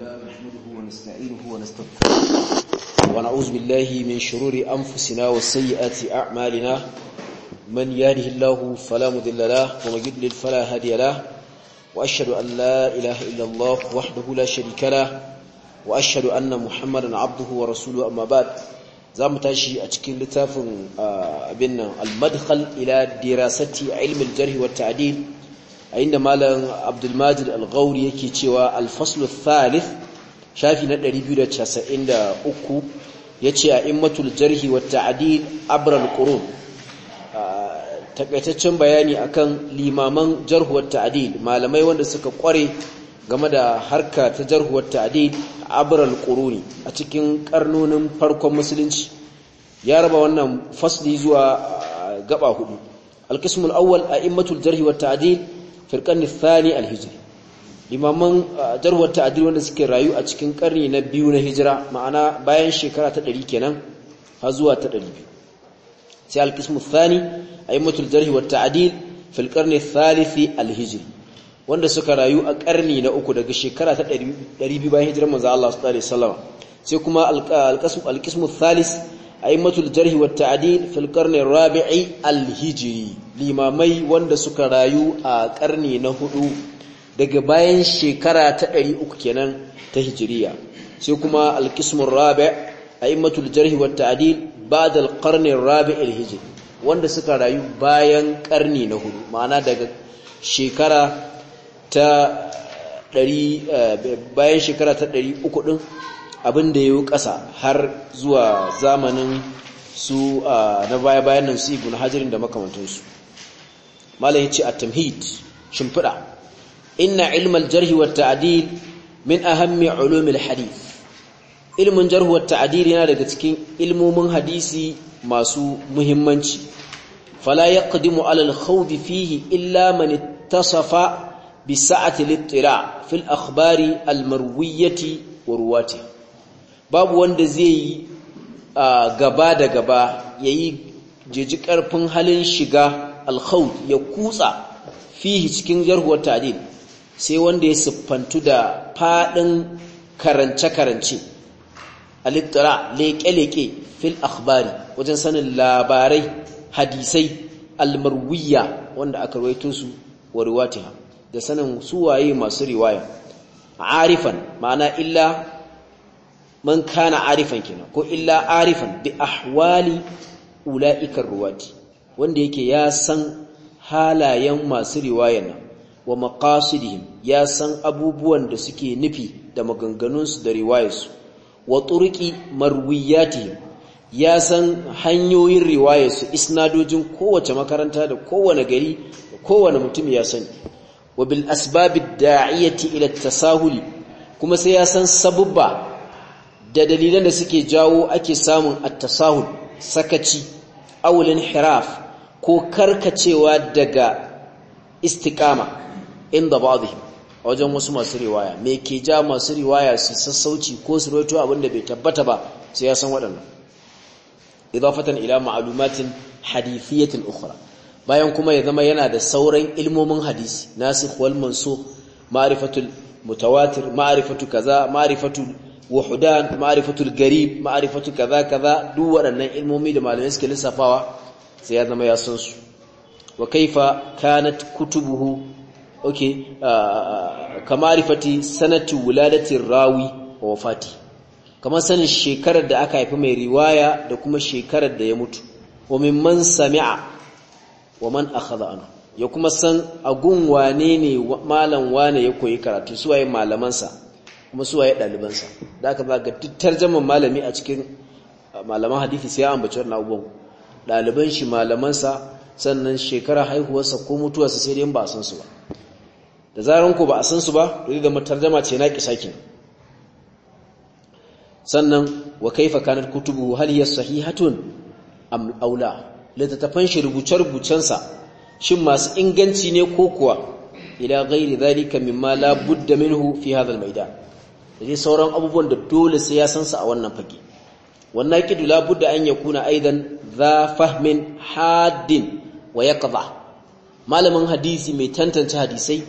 الله نحمده ونستعينه ونستغفره ونعوذ بالله من شرور أنفسنا وسيئات أعمالنا من يهده الله فلا مضل له ومن يضلل فلا هادي له وأشهد أن لا إله إلا الله وحده لا شريك له وأشهد أن محمدا عبده ورسوله أما بعد زعم تاشي أتكين لتاف بنا المدخل إلى دراسة علم الجرح والتعديل a inda malam abdulmajid al-ghauri yake cewa al-faslu thalith shafi na 293 yace a immatul jarhi wa ta'dil abra al-qurun takaitaccen bayani akan limaman jarhu wa ta'dil malamai wanda suka kware game da harka ta jarhu wa ta'dil abra al-quruni a cikin karnonin farkon musulunci ya raba wannan fasli zuwa gaba hudu al-qism al-awwal a'immatul jarhi wa ta'dil firqan thani al limaman jarwar ta'dil wanda suke rayu a cikin karni na biyu na hijira ma'ana bayan shekara ta 100 kenan har zuwa ta 200 sai al-qism thani aymatul jarh wa ta'dil fil qarni thalithi al wanda suka rayu a karni na uku daga shekara ta 200 bayan hijirar manzo Allah sallallahu alaihi wasallam sai kuma al-qism thalith aimatul jarhi wa ta'dil fil qarni rabii al-hijri limamai wanda suka rayu a karni na hudu daga bayan shekara ta 300 kenan ta hijiriya sai kuma al-qismur rabi' a'immatul jarhi wa ta'dil ba'da al-qarni rabi' al-hijri wanda suka rayu bayan karni na hudu ma'ana daga shekara ta 100 eh, bayan shekara ta 300 din abin da ya yi ƙasa har zuwa zamanin su na baya-bayan nan su ibn hajirin da makamantansu malam ce a tamhid shimfiɗa inna ilmal jarhi ta'adil min ahammi ulumil hadith ilmin jarhi wa ta'adil yana daga cikin ilmomin hadisi masu muhimmanci fala yaqdimu ala alal khawdi fihi illa mani tasafa bi sa'ati al-ittira' al-akhbari al-marwiyyati wa babu wanda zai yi gaba da gaba ya yi jeji karfin halin shiga alkhawd ya kutsa fihi cikin jarhuwar ta'dil sai wanda ya siffantu da fadin karance-karance alittara leƙe-leƙe fil akhbari wajen sanin labarai hadisai almarwiyya, wanda aka rawaito su wa riwatiha da sanin suwaye masu riwaya arifan ma'ana illa man kana arifan kenan ko illa arifan bi ahwali ula'ikar ruwati wanda yake ya san halayen masu riwayan nan wa maqasidihim ya san abubuwan da suke nufi da maganganunsu da riwayarsu wa turqi marwiyatihim ya san hanyoyin riwayarsu isnadojin kowace makaranta da kowane gari da kowane mutum ya sani wa bil asbabid da'iyati ila tasahuli kuma sai ya san sabubba da dalilan da suke jawo ake samun attasahul sakaci awulin hiraf ko karkacewa daga istiqama inda ba'dihim wajen wasu masu riwaya me ke ja masu riwaya su sassauci ko su rawaito abinda bai tabbata ba sai ya san idafatan ila ma'lumatin hadithiyatin ukhra bayan kuma ya zama yana da sauran ilmomin hadisi nasikh wal mansukh ma'rifatul mutawatir ma'rifatu kaza ma'rifatu وحدان معرفة القريب ma'rifatu kaza kaza duk ودنن ilmomi da malamai suke lissafawa sai ya zama ya san su wa kaifa kanat kutubuhu okay ma'rifati sanati wuladati rawi wa wafati kamar sanin shekarar da aka haifi mai riwaya da kuma shekarar da ya mutu wa mimman sami'a wa man akhadha anhu ya kuma san agun wane ne malam wane ya koyi karatu suwaye malamansa kuma su waye dalibansa da aka ba ga tarjaman malami a cikin malaman hadisi sai ya ambaci wannan abubuwan daliban shi malamansa sannan shekara haihuwarsa ko mutuwarsa sai dai ba san su ba da zaran ko ba a san su ba to da matarjama ce na kisaki sannan wa kaifa kanat kutubu hal hiya sahihatun am aula littattafan shi rubuce rubucensa shin masu inganci ne ko kuwa ila ghairi dhalika mimma la budda minhu fi hadha al-maidan da sauran abubuwan da dole sai ya san su a wannan fage wannan kidu budda an ya kuna aidan za fahmin haddin wa malamin hadisi mai tantance hadisai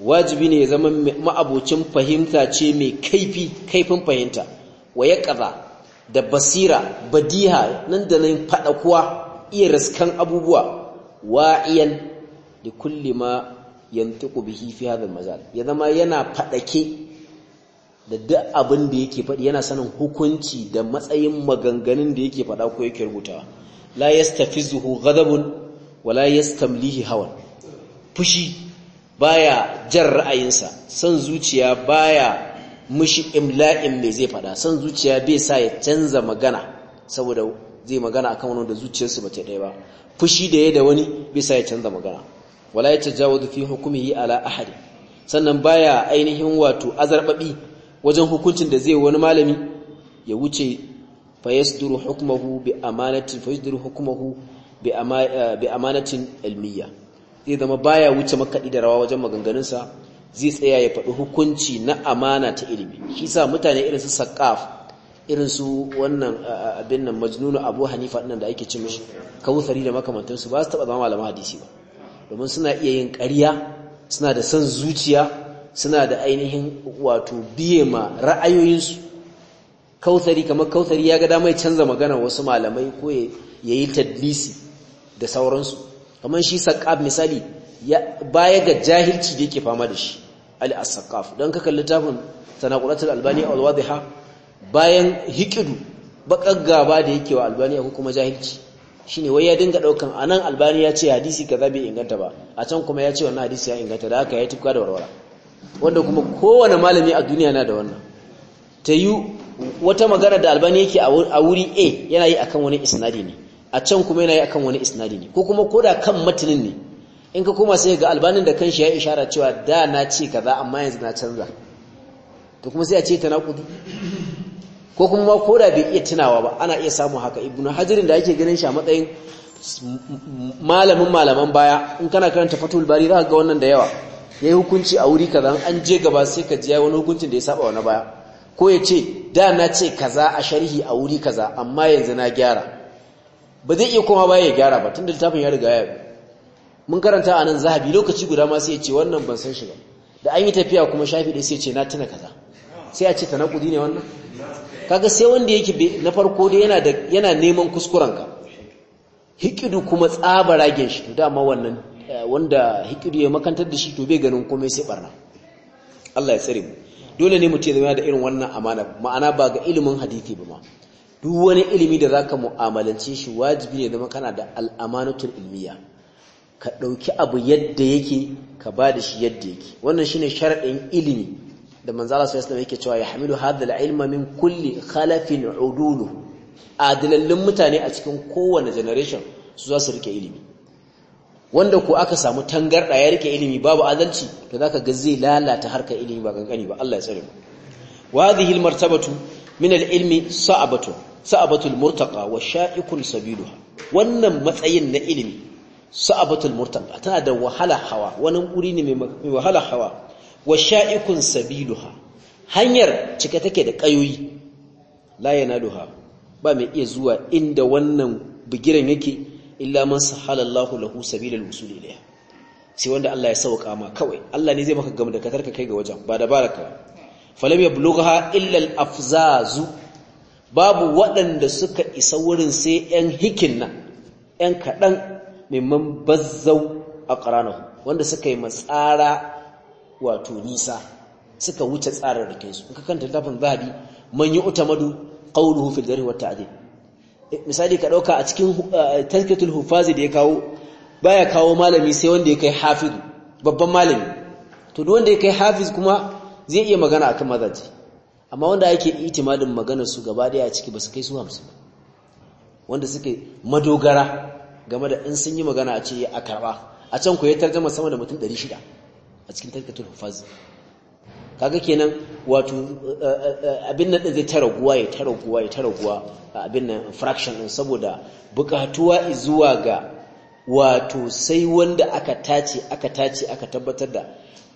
wajibi ne ya zama ma'abocin fahimta ce mai kaifi kaifin fahimta wa da basira badiha nan da nan fada kuwa iya raskan abubuwa wa'iyan da kulli ma yantiqu bihi fi hadha al-majal ya zama yana fadake da duk abin da yake faɗi yana sanin hukunci da matsayin maganganun da yake faɗa ko yake rubuta la yastafizuhu ghadabun wala yastamlihi hawan fushi baya jan ra'ayinsa san zuciya baya mushi imla'in me zai faɗa san zuciya bai sa ya canza magana saboda zai magana akan wani da zuciyarsa bata ɗaya ba fushi da ya da wani bai sa ya canza magana wala yatajawazu fi hukmihi ala ahadi sannan baya ainihin wato azarbabi wajen hukuncin da zai wani malami ya wuce fayasduru hukmuhu bi amanatin eh, amanatin ilmiya zai zama baya wuce makaɗi da rawa wajen maganganunsa zai tsaya ya faɗi hukunci na amana ta ilmi shi sa mutane irin su saqaf irin su wannan eh, eh, abin nan majnunu abu hanifa nan da ake ci mishi da makamantansu ba su taɓa zama malaman hadisi ba domin suna iya yin ƙarya suna da son zuciya suna da ainihin wato biye ma ra'ayoyinsu kautsari kamar kautsari ya ga damai canza magana wasu malamai ko ya yi tadlisi da sauransu kamar shi saƙaf misali baya ga jahilci da yake fama da shi ali as-saqqaf don ka kalli tafin tanaqulatul albani al bayan hikidu bakar gaba da yake wa albani ko kuma jahilci shine wai ya dinga daukan anan albani ya ce hadisi kaza bai inganta ba a can kuma ya ce wannan hadisi ya inganta da haka ya tufka da warwara wanda kuma kowane malami a duniya na da wannan ta yi wata magana da albani yake a wuri a yana yi akan wani isnadi ne a can kuma yana yi akan wani isnadi ne ko kuma ko da kan matanin ne in ka koma sai ga albanin da kanshi ya yi ishara cewa da na ce za amma yanzu na canza to kuma sai a ce kudu ko kuma ma da bai iya tunawa ba ana iya samu haka ibnu hajarin da ake ganin shi a matsayin malamin malaman baya in kana karanta fatul bari za ga wannan da yawa ya yi hukunci a wuri kaza an je gaba sai ka jiya wani hukuncin da ya saba wani baya ko ya ce da na ce kaza a sharhi a wuri kaza amma yanzu na gyara ba zai iya koma baya ya gyara ba tun da littafin ya riga ya mun karanta a nan zahabi lokaci guda ma sai ya ce wannan ban san shi ba da an yi tafiya kuma shafi ɗaya sai ce na tuna kaza sai a ce naƙudi ne wannan kaga sai wanda yake na farko dai yana da yana neman kuskurenka hikidu kuma ragen shi to dama wannan wanda hikiri ya makantar da shi to bai ganin komai sai barna Allah ya tsare mu dole ne mu ce zama da irin wannan amana ma'ana ba ga ilimin hadisi ba ma duk wani ilimi da zaka mu'amalance shi wajibi ne zama kana da al'amanatul ilmiya ka dauki abu yadda yake ka ba da shi yadda yake wannan shine sharadin ilimi da manzo Allah sallallahu alaihi yake cewa ya hamilu hadha al-ilma min kulli khalafin udulu adilallin mutane a cikin kowane generation su za su rike ilimi wanda ko aka samu tangarda ya rike ilimi babu adalci to zaka ga zai lalata harkar ilimi ba kankani ba Allah ya tsare mu wa hadhihi almartabatu min alilmi sa'abatu sa'abatu almurtaqa wa sha'ikun sabiluha wannan matsayin na ilimi sa'abatu almurtaqa tana da wahala hawa wannan guri ne mai wahala hawa wa sha'ikun sabiluha hanyar cike take da kayoyi la yanaluha ba mai iya zuwa inda wannan bigiran yake illa man sahalallahu lahu sabilal wusuli ilayha sai wanda Allah ya sauka ma kawai Allah ne zai maka gamu da katarka kai ga wajen ba da baraka falam yablughaha illa al afzazu babu waɗanda suka isa wurin sai yan hikin nan yan kadan mimman bazzau aqranahu wanda suka yi matsara wato nisa suka wuce tsara da kai su kanta tafin zahabi man yi utamadu qawluhu fil jarh wa ta'dil misali ka ɗauka a cikin uh, tazkatul hufazi da ya kawo baya kawo malami sai wanda ya kai hafiz babban malami to duk wanda ya kai hafiz kuma zai iya magana akan mazaji amma wanda ake itimadin maganar su gaba daya a ciki ba su kai su hamsin wanda suke madogara game da in sun yi magana a ce a karba a can ku ya tarjama sama da mutum 600 a cikin tazkatul hufazi kaga kenan wato eh, eh, abin nan zai tara guwa ya tara guwa ya tara guwa abin nan fraction din saboda bukatuwa zuwa ga wato sai wanda aka tace aka tace aka tabbatar da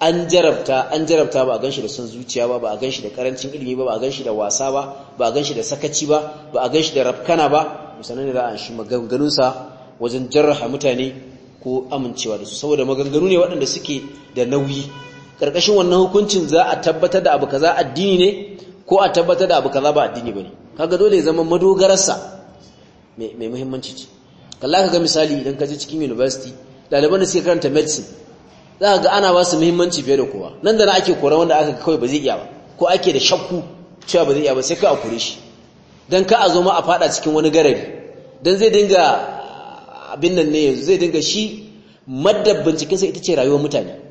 an jarabta an jarabta ba a ganshi da son zuciya ba ba a ganshi da karancin ilimi ba ba a ganshi da wasa ba ba a ganshi da sakaci ba ba a ganshi da rafkana ba musannin da an shi sa wajen jarraha mutane ko amincewa da su saboda maganganu ne waɗanda suke da nauyi karkashin wannan hukuncin za a tabbatar da abu kaza addini ne ko a tabbatar da abu kaza ba addini bane kaga dole ya zama madogararsa mai muhimmanci ce kalla kaga misali idan ka je cikin university ɗaliban da suke karanta medicine za ka ga ana ba su muhimmanci fiye da kowa nan da na ake kora wanda aka kawai ba zai iya ba ko ake da shakku cewa ba zai iya ba sai ka akure shi dan ka a zo ma a fada cikin wani garari dan zai dinga abin nan ne yanzu zai dinga shi madda sai ita ce rayuwar mutane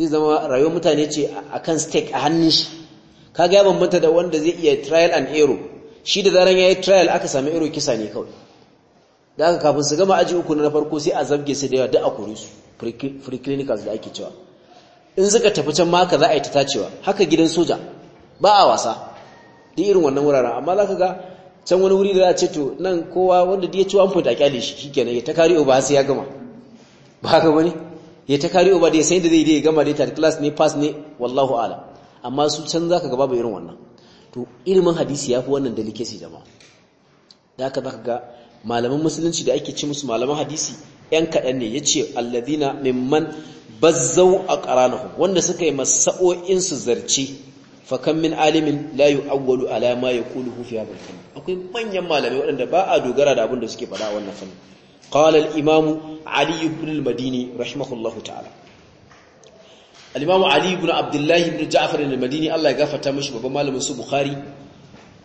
zai zama rayuwar mutane ce a kan stake a hannun shi kaga ya bambanta da wanda zai iya trial and error shi da zaran yi trial aka sami error kisa ne kawai da aka kafin su gama aji uku na farko sai a zabge su da yawa duk a kore su free clinicals da ake cewa in suka tafi can maka za a yi ta tacewa haka gidan soja ba a wasa duk irin wannan wuraren amma za ka ga can wani wuri da za a ce to nan kowa wanda da ya ci wani fita kyale shi kenan ya ta kari ba sai ya gama ba haka bane ya ta kariyo ba da ya sai da zai ya gama da ta class ne pass ne wallahu ala amma su can zaka ga babu irin wannan to ilimin hadisi ya fi wannan delicacy jama'a da haka zaka ga malaman musulunci da ake ci musu malaman hadisi yan kaɗan ne ya yace alladhina mimman bazzau aqranahum wanda suka yi masa'o'in su zarci fakan min alimin la yu'awwalu ala ma yaquluhu fi hadha akwai manyan malamai waɗanda ba a dogara da abin da suke fada wannan fannin قال الإمام علي بن المديني رحمه الله تعالى الإمام علي بن عبد الله بن جعفر المديني الله يغفرت مشي بابا مالم سو بخاري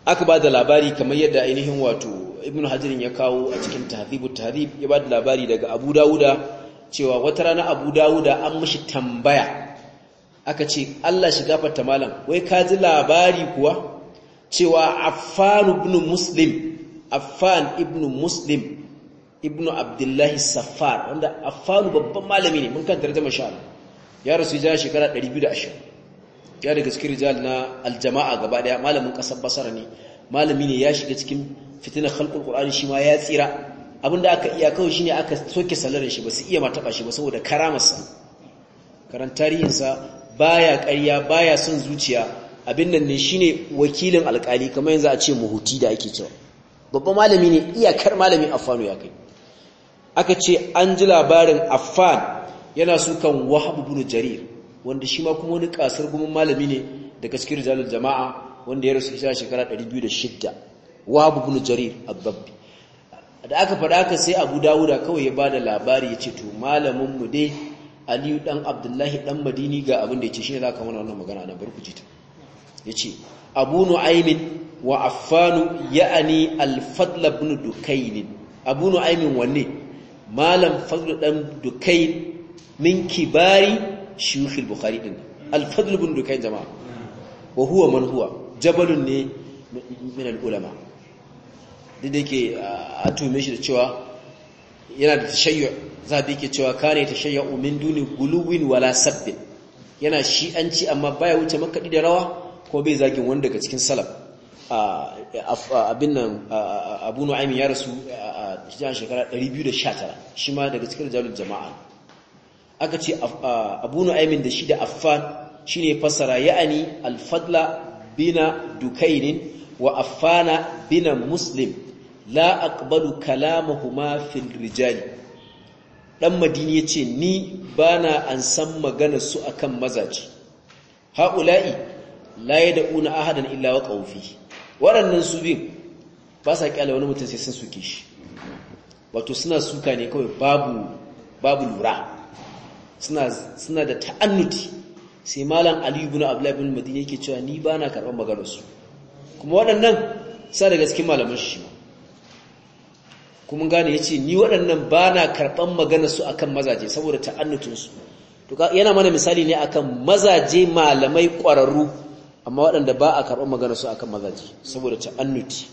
aka bada labari kamar yadda ainihin wato ibnu hajarin ya kawo a cikin tahdhibut ya bada labari daga abu dauda cewa wata rana abu dauda an mishi tambaya aka ce Allah shi gafarta malam wai ka ji labari kuwa cewa affan ibn muslim affan ibn muslim ibnu abdullahi safar wanda afanu babban malami ne mun kan tarjama sha ya rasu ya shekara 220 ya daga cikin rijal na aljama'a gaba daya malamin kasar basara ne malami ne ya shiga cikin fitina khalqul qur'ani shi ma ya tsira abinda aka iya kawai shine aka soke salarin shi ba su iya ma taba shi ba saboda karamarsa karan tarihinsa baya ƙarya baya son zuciya abin nan ne shine wakilin alƙali kamar yanzu a ce muhuti da ake cewa babban malami ne iyakar malami afanu ya kai aka ce an ji labarin affan yana sukan wahab ibn jarir wanda shi ma kuma wani kasar gumin malami ne daga cikin rijalul jama'a wanda ya rasu isa shekara 206 wahab ibn jarir ad da aka fada aka sai abu dawuda kawai ya bada labari ya ce to malamin mu dai aliyu dan abdullahi dan madini ga abin da yake za zaka mana wannan magana na ji ta yace abu nu'aymin wa affanu ya'ani al-fadl ibn dukayn abu nu'aymin wanne malam fadl dan dukain min kibari shuyukh al-bukhari din al-fadl bin dukain jama'a wa huwa man huwa jabalun ne min al-ulama da yake a tume shi da cewa yana da tashayyu da yake cewa kare tashayyu min duni guluwin wala sabbin yana shi'anci amma baya wuce makaɗi da rawa ko bai zagin wanda daga cikin salaf abin nan abu ya rasu a cikin shekara 219 shi ma daga cikin rijalul jama'a aka ce abu nu'aym da shi da affan ne fassara ya'ani alfadla bina dukainin wa affana bina muslim la aqbalu kalamahuma fil rijali dan madini yace ni bana an san magana su akan mazaci haula'i la yad'una ahadan illa wa qawfi waɗannan su bin ba sa ƙyale wani mutum sai sun suke shi wato suna suka ne kawai babu lura suna da ta'annuti sai malam Aliyu ibn abdullah ibn yake cewa ni ba na karɓar maganarsu. kuma waɗannan sa da gaske malaman shi kuma gane yace ni waɗannan ba na karɓar maganar a akan mazaje saboda ta'annutinsu yana mana misali ne akan mazaje malamai ƙwararru amma waɗanda ba a karɓar magana su akan mazaji saboda ta'annuti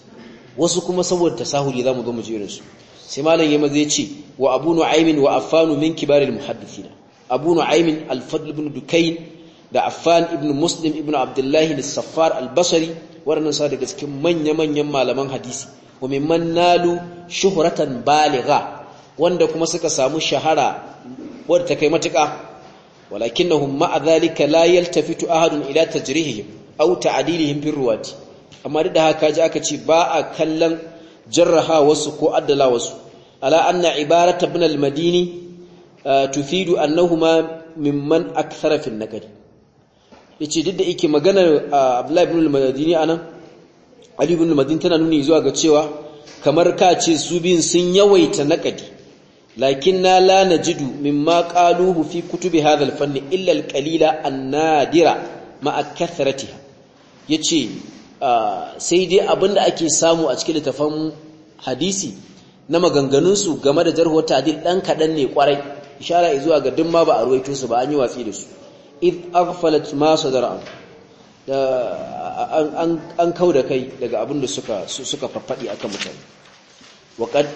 wasu kuma saboda tasahuli zamu zo mu da su sai malam yamma zai ce wa abu nu'aymin wa affanu min kibaril muhaddithina abu nu'aymin al-fadl ibn dukayn da affan ibn muslim ibn abdullah al-saffar al-basri waɗannan sa daga cikin manya-manyan malaman hadisi wa mimman nalu shuhratan baligha wanda kuma suka samu shahara wadda ta kai matuƙa walakinnahum ma'a zalika la yaltafitu ahadun ila tajrihihim au ta'dilihim fi ruwati amma da haka ji aka ce ba a kallon jarraha wasu ko addala wasu ala anna ibarata ibn al-madini uh, tufidu annahuma mimman akthara fi an-nakari yace duk da yake maganar uh, Abdullahi ibn al-Madini anan Ali ibn al-Madini tana nuni zuwa ga cewa kamar ka ce su biyun sun yawaita nakadi lakinna la najidu mimma qaluhu fi kutubi hadha al-fanni illa al-qalila an-nadira ma'a kathratiha ya ce ah, sai dai abinda ake samu a cikin littafan hadisi na maganganunsu game da jarhuwar tadil ɗan kaɗan ne ƙwarai ishara zuwa ga dimma ba a ruwaito su ba an yi watsi da su id aghfalat ma sadara an an kau da kai daga abin da suka suka farfadi akan mutane wa qad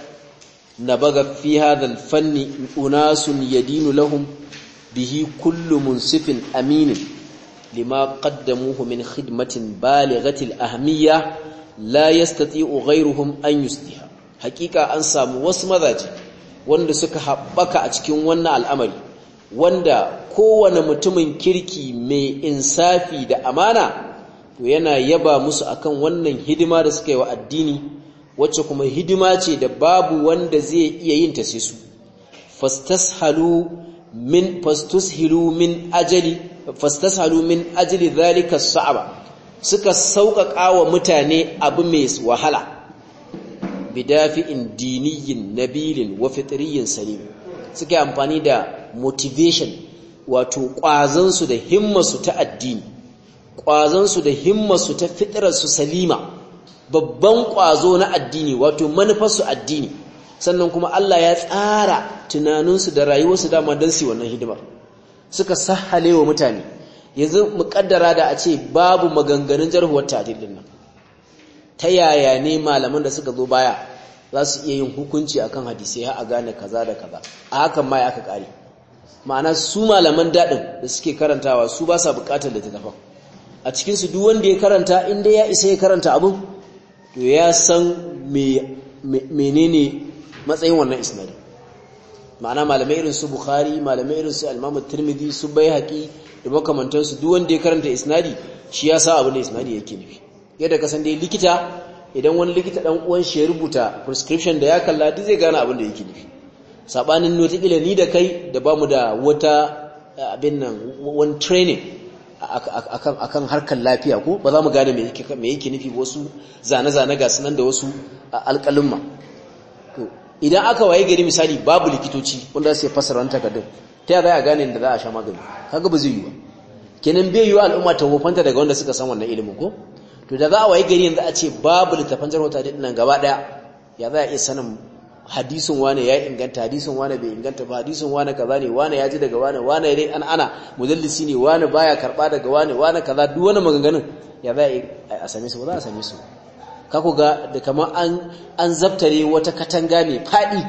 nabaga fi hadha fanni unasun yadinu lahum bihi kullu munsifin aminin lima qaddamuhu min khidmatin balighatil ahmiyya la yastati'u ghayruhum an yusliha hakika an samu wasu mazaje wanda suka haɓaka a cikin wannan al'amari wanda kowane mutumin kirki mai insafi da amana to yana yaba musu akan wannan hidima da suka yi wa addini wacce kuma hidima ce da babu wanda zai iya yin ta sai su fastashalu min ajali fastasalu min ajli dhalika sa'aba suka sauƙaƙa wa mutane abu mai wahala bidafi'in diniyin nabilin wa fitriyin salim suka amfani da motivation wato ƙwazansu da himmasu ta addini ƙwazansu da himmasu ta su salima babban ƙwazo na addini wato manufarsu addini sannan kuma Allah ya tsara tunaninsu da rayuwarsu dama don su wannan hidimar suka sahale wa mutane yanzu kaddara da a ce babu maganganun jarhuwar tajirin nan ta yaya ne malaman da suka zo baya za su iya yin hukunci akan hadisai har a gane kaza da kaza a hakan ma ya aka kare ma'ana su malaman daɗin da suke karantawa su ba sa buƙatar littattafan a cikin su duk wanda ya karanta inda ya isa ya karanta abun to ya san menene matsayin wannan isnadin ma'ana malamai irin su bukhari malamai irin su almamu tirmidhi su bai haƙi da makamantansu duk wanda ya karanta isnadi shi ya sa abin da isnadi yake nufi yadda kasan dai likita idan wani likita dan uwan shi ya rubuta prescription da ya kalla duk zai gane abin da yake nufi sabanin notakila ni da kai da bamu da wata eh, abin nan one training akan harkar lafiya ko ba za mu gane me yake nufi wasu zane-zane ga sunan da wasu alƙalumma idan aka waye gari misali babu likitoci wanda sai fasara wannan takardun ta ya za a gane da za a sha magani kaga ba zai yi ba kenan bai wa al'umma ta hofanta daga wanda suka san wannan ilimin ko to da za a waye gari yanzu a ce babu littafan jarhota din nan gaba daya ya za a iya sanin hadisin wane ya inganta hadisin wane bai inganta ba hadisin wane kaza ne wane ya ji daga wane wane dai an ana mudallisi ne wane baya karba daga wane wane kaza duk wani maganganun ya za a same su ba za a same su kaku ga da kamar an an wata katanga mai faɗi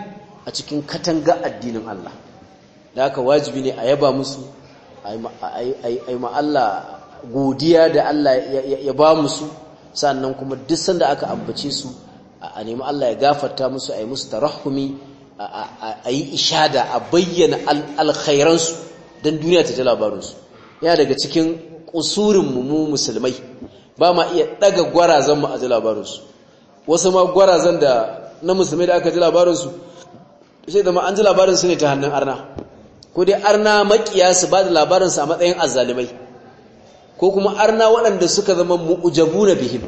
a cikin katanga addinin Allah da aka wajibi ne a yaba musu a yi ma'alla godiya da Allah ya ba musu sannan kuma duk sanda aka ambace su a nemi Allah ya gafarta musu a ai musu tarahumi yi ishada a bayyana alkhairansu don duniya ta ji labarinsu yana daga cikin kusurin mu musulmai ba ma iya daga gwarazan mu a ji labarinsu wasu ma gwarazan da na musulmai da aka ji labarinsu sai da ma an ji labarinsu ne ta hannun arna ko dai arna makiyasu ba da labarinsu a matsayin azalimai ko kuma arna waɗanda suka zama mu'ujabu na bihin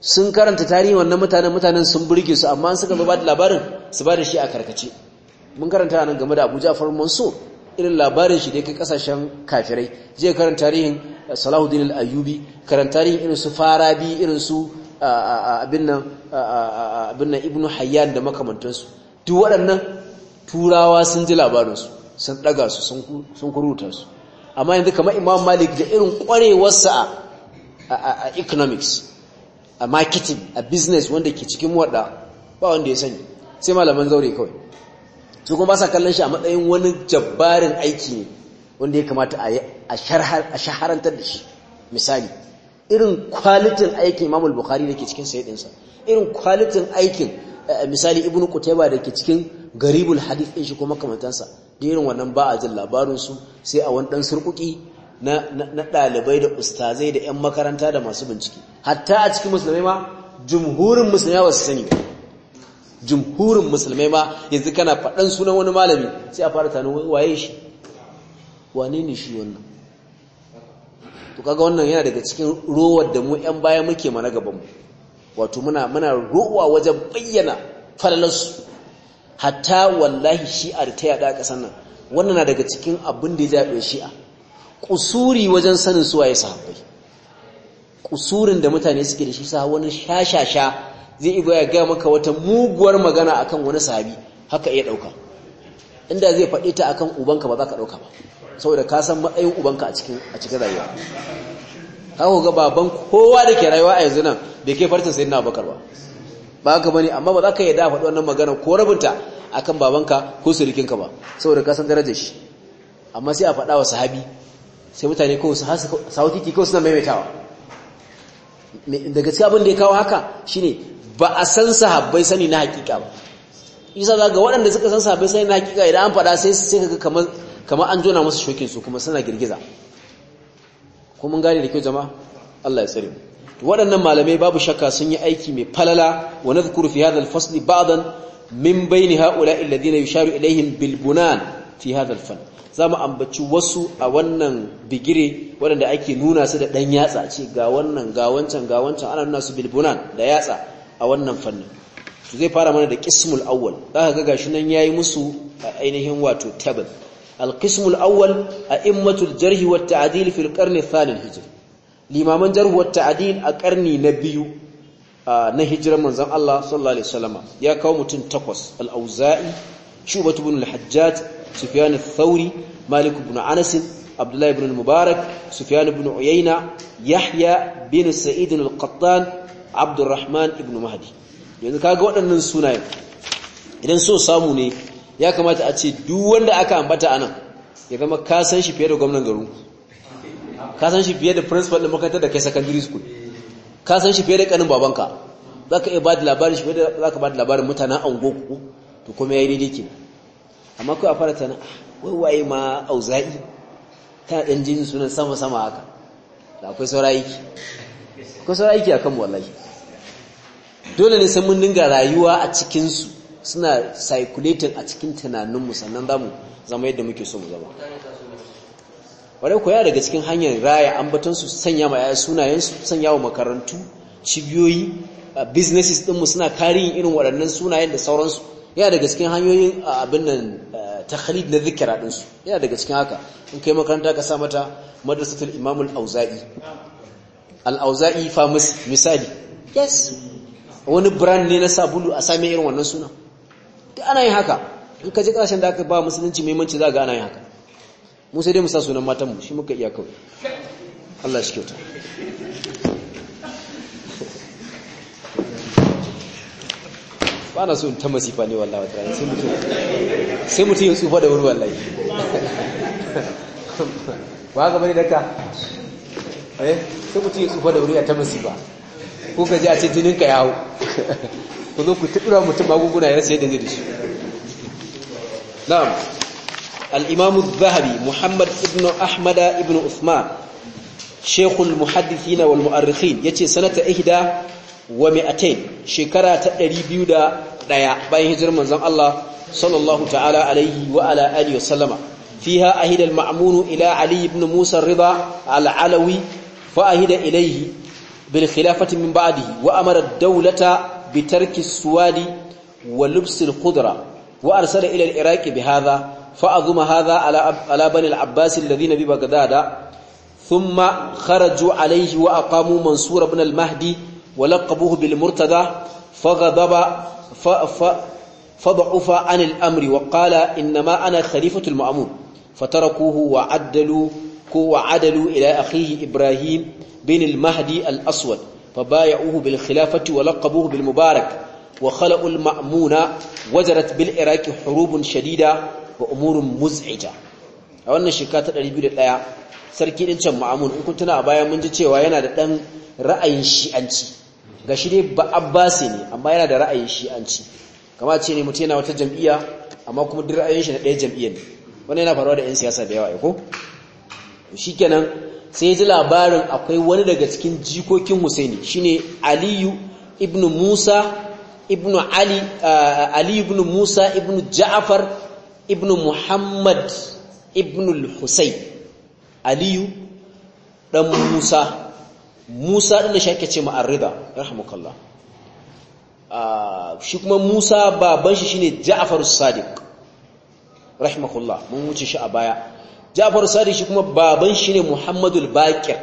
sun karanta tarihi wannan mutanen mutanen sun burge su amma suka zo ba da labarin su ba da shi a karkace mun karanta nan game da abuja ja'far mansur irin labarin shi da kasashen kafirai je karanta tarihin eh, salahuddin al-ayyubi karanta tarihin irin su farabi irin su abin nan ibnu hayyan da makamantansu duk waɗannan turawa sun ji labarinsu sun ɗaga su sun kuruta su amma yanzu kamar imam malik da irin kwarewarsa a economics a marketing a business wanda ke cikin wada ba wanda ya sani sai malaman zaure kawai su kuma ba sa kallon shi a matsayin wani jabbarin aiki ne wanda ya kamata a shaharantar da shi misali irin kwalitin aikin imamul bukhari da ke cikin sayyidinsa irin kwalitin aikin eh, misali ibn kutaiba da ke cikin garibul hadith din shi kuma kamantansa da irin wannan ba a jin labarinsu sai a wani ɗan surkuki na ɗalibai da ustazai da 'yan makaranta da masu bincike hatta a cikin musulmai ma jumhurin musulmai ba su sani jumhurin musulmai ma yanzu kana faɗan sunan wani malami sai a fara tano waye shi wane ne shi wannan to kaga wannan yana daga cikin rowar da mu ƴan baya muke mana gaban mu wato muna muna rowa wajen bayyana falalarsu hatta wallahi shi'a da ta yada a ƙasar nan wannan na daga cikin abin da ya zaɓe shi'a kusuri wajen sanin su waye sahabbai kusurin da mutane suke da shi sa wani shashasha zai iya ga gaya maka wata muguwar magana akan wani sahabi haka iya dauka inda zai faɗi ta akan ubanka ba za ka ɗauka ba saboda ka san matsayin ubanka a cikin a cikin rayuwa ka ga baban kowa da ke rayuwa a yanzu nan bai kai farcin sayyidina abubakar ba ba ka bane amma ba za ka yi da faɗi wannan magana ko rabinta akan babanka ko surikinka ba saboda ka san darajar shi amma sai a faɗa wa sahabi sai mutane kawai su hasa sauti kawai suna maimaitawa daga cikin abin da ya kawo haka shine ba a san sahabbai sani na hakika ba isa za ga waɗanda suka san sahabbai sani na hakika idan an faɗa sai sai kaga kamar kamar an jona musu shokin su kuma suna girgiza ko mun gane da kyau jama'a Allah ya tsare mu waɗannan malamai babu shakka sun yi aiki mai falala wa nadhkuru fi hadha al-fasl ba'dan min bayni ha'ula alladhina yusharu ilayhim bil bunan fi hadha al-fan zamu ambaci wasu a wannan bigire waɗanda ake nuna su da dan yatsa ce ga wannan ga wancan ga wancan ana nuna su bilbunan da yatsa a wannan fannin to zai fara mana da qismul awwal zaka ga gashi nan yayi musu ainihin wato tabal al-qismul awwal a'immatul jarh wa at-ta'dil fil qarn thani hijri limaman jarh wa tadil a karni na biyu na hijira manzon Allah sallallahu alaihi ya kawo mutun takwas al-auza'i shubatu ibn al-hajjaj sufyan ath-thawri malik ibn anas عبد الله mubarak المبارك سفيان بن yahya bin بن سعيد abdurrahman ibn mahdi yanzu kaga waɗannan sunayen idan so samu ne ya kamata a ce duk wanda aka ambata anan ya zama ka san shi fiye da gwamnan garin ka san shi fiye da principal din makarantar da kai secondary school ka san shi fiye da kanin babanka zaka iya bada labarin shi fiye da zaka bada labarin mutanen angoku to kuma yayi daidai kenan amma kai a fara tana ah, wai waye ma auza'i ta dan jin sunan sama sama haka da akwai saurayi akwai saurayi akan wallahi dole ne sai mun dinga rayuwa a cikinsu suna circulating a cikin tunaninmu sannan za zama yadda muke so mu zama wadai ya daga cikin hanyar raya su sanya ma yaya su sanya wa makarantu cibiyoyi uh, businesses ɗinmu suna kariyin irin waɗannan sunayen da sauransu ya daga cikin hanyoyin uh, abin nan uh, takhalid na zikira ɗinsu ya daga cikin haka in kai makaranta ka sa mata madrasatul imamul auza'i al-auza'i misali yes wani brand ne na sabulu a same irin wannan suna duk ana yin haka in ka ji kasashen da aka ba musulunci muhimmanci za ga ana yin haka mu sai dai mu sa sunan matanmu shi muka iya kawai Allah shi kyauta ba na so ta masifa ne wallahi wata sai sai mutum ya tsufa da wuri wallahi ba ga bane daga eh sai mutum ya tsufa da wuri a ta masifa ko ka ji a ce jinin ka yawo ku zo ku tura mutum magunguna ya sai yadda zai da su na'am al-imam az-zahabi muhammad ibn ahmad ibn usman shaykh al-muhaddithin wal mu'arrikhin yace sanata ihda wa mi'atayn shekara ta 201 bayan hijirar manzon Allah sallallahu ta'ala alaihi wa ala alihi wa sallama fiha ahida al-ma'mun ila ali ibn musa ar-ridha al-alawi fa ahida ilayhi bil khilafati min ba'dihi wa amara ad-dawlata bi tarki suwadi wa lubs al-khudra wa arsala ila al-iraq bi hadha fa azuma hadha ala ala bani al wa alladhina bi baghdad ثم خرجوا عليه وأقاموا منصور بن المهدي ولقبوه بالمرتضى فغضب فضعف عن الأمر وقال إنما أنا خليفة المأمون فتركوه وعدلوا ko wa adalu ila akhihi ibrahim bin al-mahdi al-aswad fabaya'uhu bil khilafati wa laqabuhu bil mubarak wa khala'u al-ma'muna wajarat bil iraqi hurubun shadida wa umurun muz'ija a wannan shekara ta 201 sarki din can ma'mun in kun tuna a baya mun ji cewa yana da dan ra'ayin shi'anci gashi dai ba abbasi ne amma yana da ra'ayin shi'anci kamar ce ne mutum yana wata jam'iyya amma kuma duk ra'ayin shi na ɗaya jam'iyyar ne wannan yana faruwa da 'yan siyasa da yawa ko kenan, sai ya ji labarin akwai wani daga cikin jikokin Husaini shine Aliyu Ibnu Musa Ibnu Ali eh, Ali Ibnu Musa Ibnu Ja'far Ibnu Muhammad Ibnu al-Husayn Aliyu dan Musa Musa din da shi ce ma'arida, Ar-Ridha rahmukallah eh, shi kuma Musa baban shi shine Ja'far as-Sadiq rahimahullah mun wuce shi a baya Ja'far Sadiq shi kuma baban shi ne Muhammadul Baqir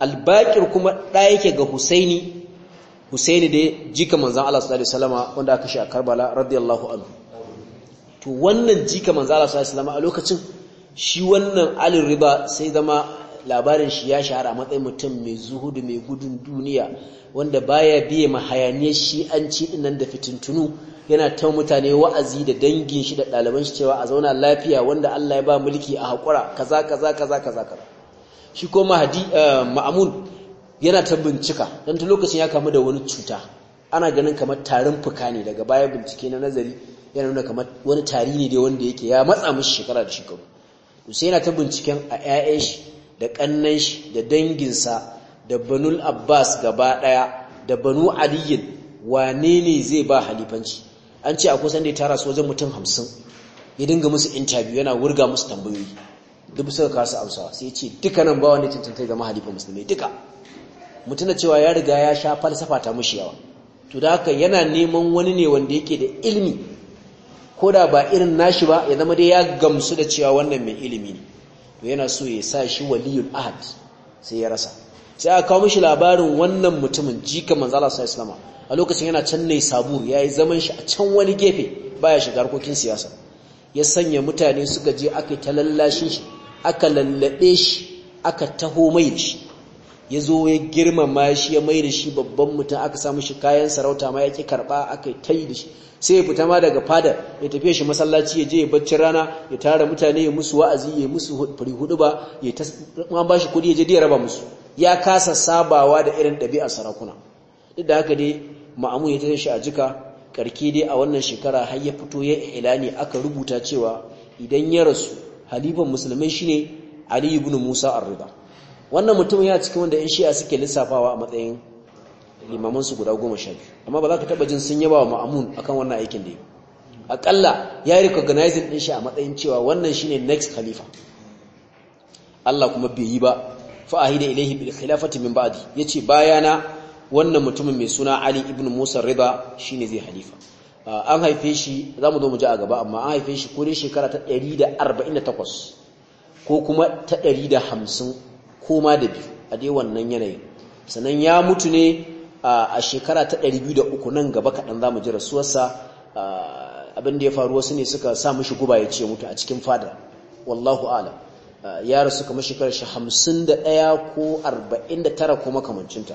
Al-Baqir kuma da yake ga Husaini Husaini dai jika manzon Allah sallallahu alaihi wasallama wanda aka shi a Karbala radiyallahu anhu to wannan jika manzon Allah sallallahu alaihi wasallama a lokacin shi wannan Ali Riba sai zama labarin shi ya shahara a matsayin mutum mai zuhudu mai gudun duniya wanda baya biye ma hayaniyar shi an ci dinnan da fitintunu yana ta mutane wa'azi da dangin shi da ɗaliban shi cewa a zauna lafiya wanda Allah ya ba mulki a haƙura kaza kaza kaza kaza kaza shi ko mahadi eh, ma'amun yana ta bincika dan ta lokacin ya kamu da wani cuta ana ganin kamar tarin fuka ne daga baya bincike na nazari yana nuna kamar wani tari ne dai wanda yake ya matsa mishi shekara da shekaru sai yana ta binciken a 'ya'yan shi da ƙannan shi da danginsa da banul abbas gaba ɗaya da banu aliyin wane ne zai ba halifanci an ce a kusan da ya tara su wajen mutum hamsin ya dinga musu intabiyu yana wurga musu tambayoyi duk suka kasa amsawa sai ce duka nan ba ne cancanta zama mahalifa musulmi duka mutum da cewa ya riga ya sha falsafa ta mushi yawa to da haka yana neman wani ne wanda yake da ilimi ko da ba irin nashi ba ya zama dai ya gamsu da cewa wannan mai ilimi ne to yana so ya sa shi waliyul ahad sai ya rasa sai a kawo mishi labarin wannan mutumin jika manzo Allah sallallahu alaihi a lokacin yana can ne sabur yayi zaman shi a can wani gefe baya shiga harkokin siyasa ya sanya mutane suka je aka talallashin shi aka lallabe shi aka taho mai da shi ya zo ya girmama shi ya mai da shi babban mutum aka samu shi kayan sarauta ma ya ki karɓa aka yi ta yi da shi sai ya fita ma daga fadar ya tafiye shi masallaci ya je ya bacci rana ya tara mutane ya musu wa'azi ya musu fari hudu ba ya ta ma ba shi kuɗi ya je ya raba musu ya kasa sabawa da irin ɗabi'ar sarakuna duk da haka dai ma'amu ya tare shi a jika karki dai a wannan shekara har ya fito ya ilani aka rubuta cewa idan ya rasu halifan musulmai shine Ali ibn Musa ar-Ridha wannan mutum ya cikin wanda in shi'a suke lissafawa a matsayin limamansu guda goma sha biyu amma ba za ka taba jin sun yaba wa ma'amun akan wannan aikin da yi akalla ya yi recognizing din shi a matsayin cewa wannan shine next khalifa Allah kuma bai yi ba fa'ahi da ilahi bil khilafati min ba'di yace bayana wannan mutumin mai suna Ali ibn Musa Rida shine zai halifa ah, an haife shi mu zo mu ji a gaba amma an haife shi ko dai shekara ta 148 ko kuma ta 150 koma da biyu a dai wannan yanayin sannan ya mutu ne a shekara ta 203 nan gaba kaɗan za mu ji rasuwarsa abin da ya faru wasu ne suka sa mushi guba ya ce mutu a cikin fada wallahu ala ya rasu kamar shekara shi 51 ko 49 ko makamancinta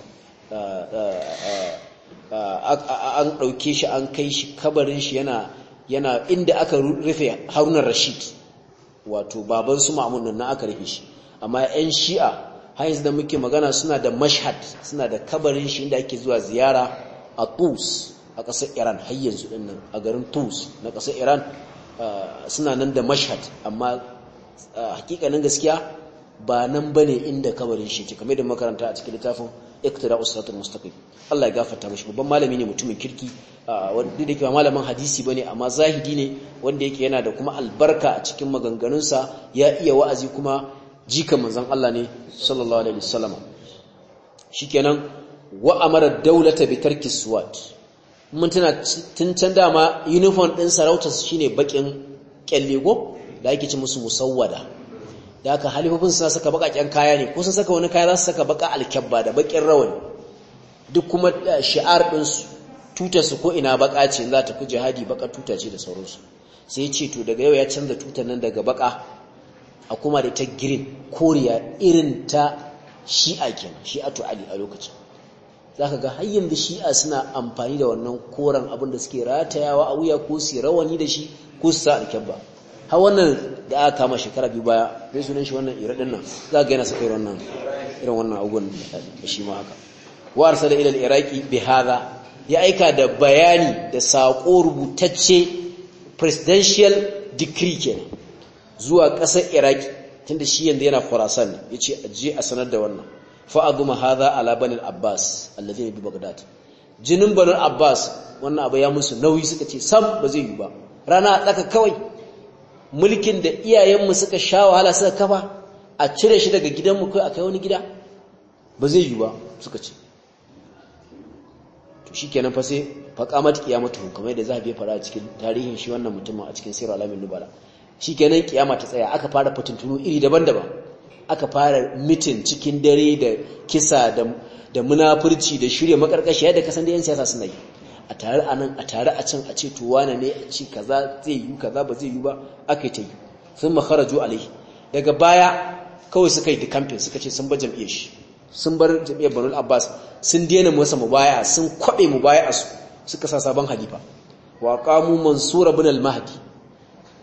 an ɗauke shi an kai shi kabarin shi yana yana inda aka rufe harunan rashid wato Babansu su ma'amun aka rufe shi amma 'yan shi'a hanyar da muke magana suna da mashhad suna da kabarin shi inda ake zuwa ziyara a tus a ƙasar iran har yanzu dinnan a garin tus na kasar iran ah, suna nan da mashhad amma ah, hakikanin gaskiya ba nan bane inda kabarin shi kamar da makaranta a cikin littafin iktida usratul mustaqim Allah ya gafarta mashi babban malami ne mutumin kirki ah, wanda yake ba malamin hadisi bane amma zahidi ne wanda yake yana da kuma albarka a cikin maganganunsa ya iya wa'azi kuma jika manzon Allah ne sallallahu alaihi wasallam shikenan wa amara ta bi tarki suwat mun tana tun can dama uniform din sarauta shine bakin kyallego da yake ci musu musawwada da aka halifofin suna saka bakaken kaya ne ko sun saka wani kaya za su saka baka alkyabba da bakin rawani duk kuma eh, shi'ar din su tutar su ko ina baka ce za ta fi jihadi baka tuta da sauransu sai ya ce to daga yau ya canza tutar nan daga baka a kuma da ta girin koriya irin ta shi'a kenan to ali a lokacin zaka ga har yanzu shi'a suna amfani da wannan koren abin da suke ratayawa a wuya ko su rawani da shi ko su sa alkyabba har wannan da aka kama shekara biyu baya bai sunan shi wannan ira din nan za ga yana saka irin wannan irin wannan agun da shi ma haka wa arsala ila al-iraqi bi hadha ya aika da bayani da sako rubutacce presidential decree kenan zuwa ƙasar iraki tunda shi yanzu yana farasan ya yace je a sanar da wannan fa aguma hadha a labanin abbas alladhina bi jinin banin abbas wannan abu ya musu nauyi suka ce sam ba zai yi ba rana a tsaka kawai mulkin da iyayenmu suka sha wahala suka kafa a cire shi daga gidanmu kai akai wani gida ba zai yi ba suka ce to shikenan fa sai fa qamat da za da biya fara a cikin tarihin shi wannan mutumin a cikin sirr alamin nubala shi shikenan kiyama ta tsaya aka fara fitintunu iri daban-daban aka fara mitin cikin dare da kisa da munafurci da shirya makarkashiya da kasan da yan siyasa suna yi a tare a nan a tare a can a ce to wane ne a ce kaza zai yi kaza ba zai yi ba aka yi ta yi sun alai daga baya kawai suka yi dikamfin suka ce sun bar jam'iyyar shi sun bar jam'iyyar Banul Abbas sun daina masa mu baya, sun kwaɓe mu baya a su suka sa sabon halifa wa qamu mansura bin al-mahdi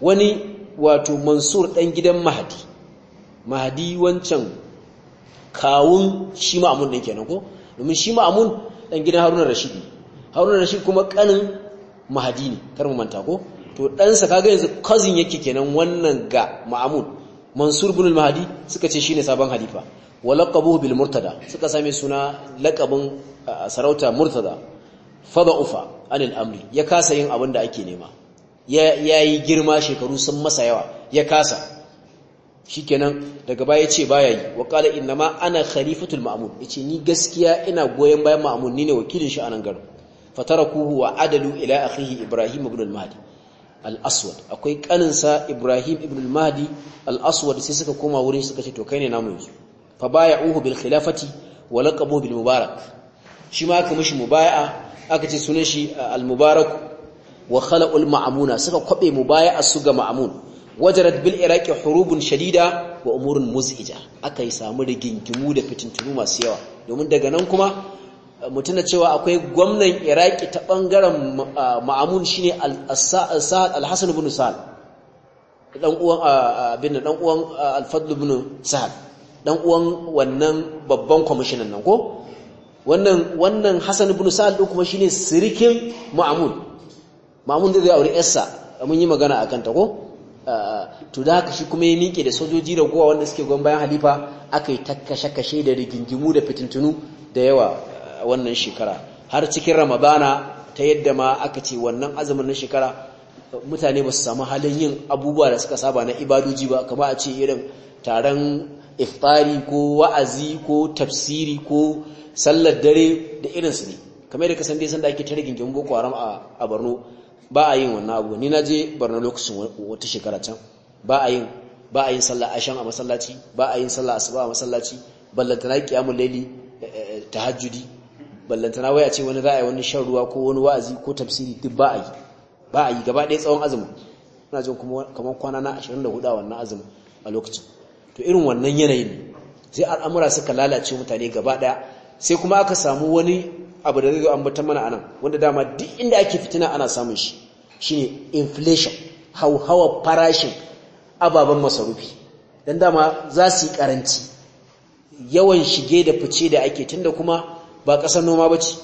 wani wato mansur ɗan gidan mahadi mahadi wancan kawun shi ma'amun ɗin kenan ko domin shi ma'amun ɗan gidan haruna rashidi haruna rashid kuma ƙanin mahadi ne kar manta ko to ɗansa kaga yanzu cousin yake kenan wannan ga ma'amun mansur bin mahadi suka ce shine sabon halifa walakabu laqabuhu bil murtada suka same suna lakabin sarauta murtada fada ufa anil amri ya kasa yin abin da ake nema ya yi girma shekaru sun masa yawa ya kasa shikenan daga baya ce baya yi wa inna ma ana khalifatul ma'mun yace ni gaskiya ina goyon bayan ma'mun ni ne wakilin shi anan garin fatarakuhu wa adalu ila akhihi ibrahim ibn al-mahdi al-aswad akwai kaninsa ibrahim ibn al-mahdi al-aswad sai suka koma wurin suka ce to kai ne namu yanzu fa bay'uhu bil khilafati wa laqabu bil mubarak shi ma aka mishi mubaya aka ce sunan shi al-mubarak wa khala'ul ma'amuna suka kwabe mubaya'a su ga ma'amun wajarat bil iraqi hurubun shadida wa umurun muzija aka yi samu rigingimu da fitintunu masu yawa domin daga nan kuma mutuna cewa akwai gwamnan iraqi ta bangaren ah, ma'amun shine al-sa'ad al-hasan ibn sa'ad dan uwan ah, ah, bin dan uwan al-fadl ibn sa'ad dan uwan wannan babban kwamishinan nan ko wannan wannan hasan ibn sa'ad kuma shine sirikin ma'amun mamun zai aure yarsa mun yi magana a ta ko to da haka shi kuma ya miƙe da sojoji da guwa wanda suke gwan bayan halifa aka yi kashe da rigingimu da fitintunu da yawa wannan shekara har cikin ramadana ta yadda ma aka ce wannan azumin na shekara mutane ba su samu halin yin abubuwa da suka saba na ibadoji ba kama a ce irin taron iftari ko wa'azi ko tafsiri ko sallar dare da irinsu ne kamar da kasan dai san ake ta rigingimu boko haram a Borno ba a yin wannan abu ni na je barna lokacin wata shekara can ba a yin ba a yin sallah ashan a masallaci ba a yin sallah asuba a masallaci ballantana qiyamul layli eh, eh, eh, tahajjudi ballantana waya ce wani ra'ayi wani shan ruwa ko wani wa'azi ko tafsiri duk ba a yi ba a yi gaba ɗaya tsawon azumi ina jin kuma kamar kwana na 24 a wannan azumin a lokacin to irin wannan yanayin sai al'amura suka lalace mutane gaba ɗaya sai kuma aka samu wani abu da zai zo ambata mana anan wanda dama duk inda ake fitina ana samun shi shine inflation hauhawa farashin ababen masarufi dan dama za su yi karanci yawan shige da fice da ake tunda kuma ba kasar noma ba ce.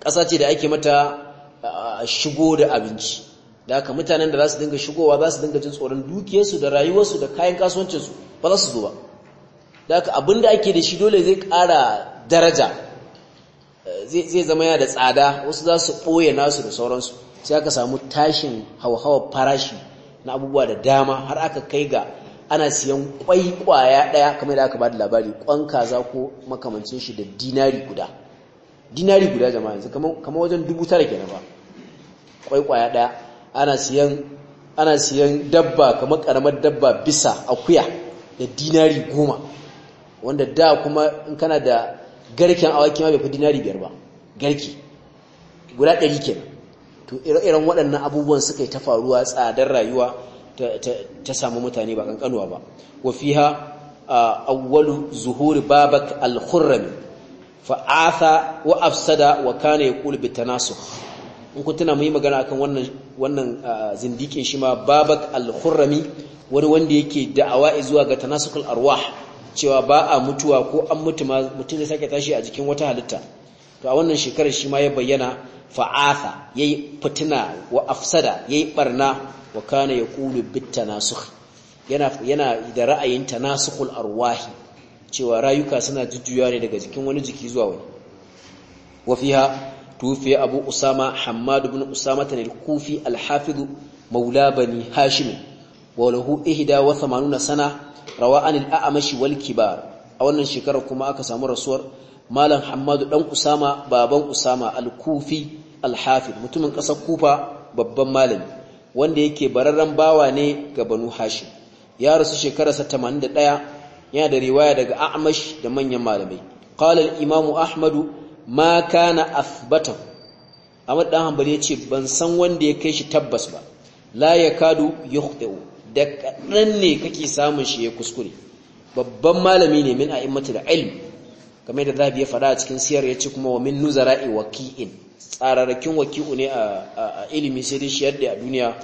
Ƙasa ce da ake mata ah, shigo da abinci da haka mutanen da za su dinga shigowa za su dinga jin tsoron dukiyarsu da rayuwarsu da kayan kasuwancinsu ba za su zo ba da haka abinda ake da shi dole zai ƙara daraja zai zama ya da tsada wasu za su ɓoye nasu da sauransu sai aka samu tashin hauhawa farashi na abubuwa da dama har aka kai ga ana siyan kwai kwaya ɗaya kamar da aka ba da labari kwan kaza ko makamancin shi da dinari guda dinari guda jama'a yanzu kamar wajen dubu tara kenan ba kwai kwaya ɗaya ana siyan dabba kamar karamar dabba bisa akuya da dinari goma wanda da kuma in kana da garken awaki ma bai fi dinari biyar ba garki guda ɗari ke to irin waɗannan abubuwan suka yi ta faruwa tsadar rayuwa ta samu mutane ba ƙanƙanuwa ba wa a awwalu zuhuri babak al-khurrami fa'atha wa afsada wa kana yaqulu tanasukh in muyi magana akan wannan wannan zindikin shi ma babak al-khurrami wani wanda yake da'awa zuwa ga tanasukul arwah cewa ba a mutuwa ko an mutu ma mutum zai sake tashi a jikin wata halitta to a wannan shekarar shi ma ya bayyana fa'atha yayi fitina wa afsada yayi barna wa kana yaqulu bitanasukh yana yana da ra'ayin tanasukhul arwahi cewa rayuka suna jujjuya ne daga jikin wani jiki zuwa wani wa fiha tufi abu usama hammad ibn usama al-kufi al-hafiz maula bani hashim wa lahu ihda wa 80 sana rawa an al-a'mash wal kibar a wannan shekarar kuma aka samu rasuwar malam Hammadu dan Usama baban Usama Alkufi, kufi mutumin ƙasar Kufa babban malami wanda yake bararren bawa ne ga Banu ya rasu shekararsa 81 yana da riwaya daga A'mash da manyan malamai qala al-Imam Ahmad ma kana athbatan Ahmad dan Hanbali yace ban san wanda ya kai shi tabbas ba la yakadu yukhti'u da kaɗan ne kake samun shi ya kuskure babban malami ne min a'immatu da ilmi kamar da zabi ya faɗa a cikin siyar ya ce kuma wa min nuzara'i waki'in tsararrakin waki'u ne a ilimi sai dai shiyar da a duniya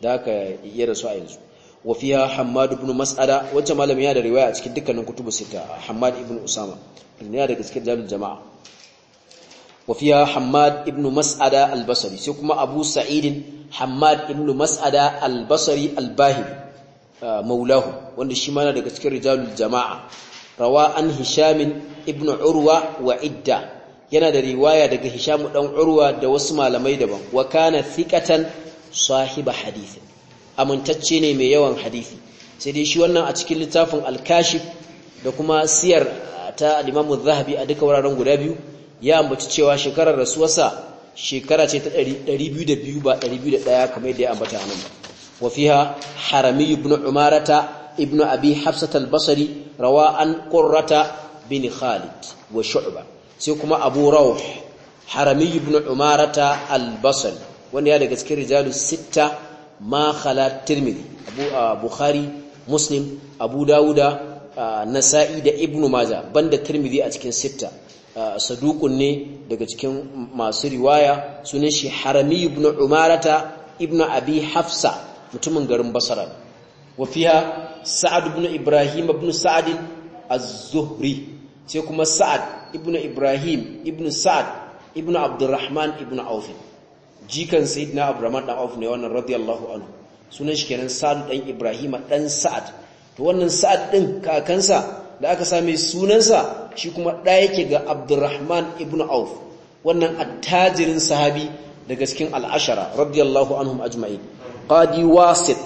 da aka ya rasu a yanzu wa fiya hammad ibn mas'ada wacce malami ya da riwaya a cikin dukkanin kutubu sita hammad ibn usama ya daga cikin jami'in jama'a wa fiya hammad ibn mas'ada al-basri sai kuma abu sa'idin Hamad ibn Mas'ada al-Basri al uh, maulahu wanda shi ma daga cikin rijalul jama'a rawa an Hisham ibn Urwa wa idda yana da riwaya daga Hisham dan Urwa da wasu malamai daban wa kana thiqatan sahiba hadith amintacce ne mai yawan hadisi sai dai shi wannan a cikin littafin al-Kashif da kuma siyar uh, ta al-Imam zahabi a duka wuraren guda biyu ya ambaci cewa shekarar rasuwarsa shekara ce ta 202 ba 201 kamar da ya ambata anan ba wa fiha harami ibn umarata ibn abi hafsat al-basri rawa an qurrata bin khalid wa shu'ba sai kuma abu rawh harami ibn umarata al-basri wanda ya daga cikin rijalu sitta ma khala tirmidhi abu bukhari muslim abu dauda nasa'i da ibn maja banda tirmidhi a cikin sitta saduqun ne daga cikin masu riwaya sunan shi harami ibn umarata ibn abi hafsa mutumin garin basra wa fiha sa'ad ibn ibrahim ibn sa'ad az-zuhri sai kuma sa'ad ibn ibrahim ibn sa'ad ibn abdurrahman ibn auf jikan sayyidina na dan auf ne wannan radiyallahu anhu sunan shi kenan sa'ad dan ibrahim dan sa'ad to wannan sa'ad din kakansa da aka same sunansa shi kuma ɗaya yake ga abdurrahman ibn auf wannan attajirin sahabi daga cikin al'ashara radiyallahu anhum ajmai qadi wasit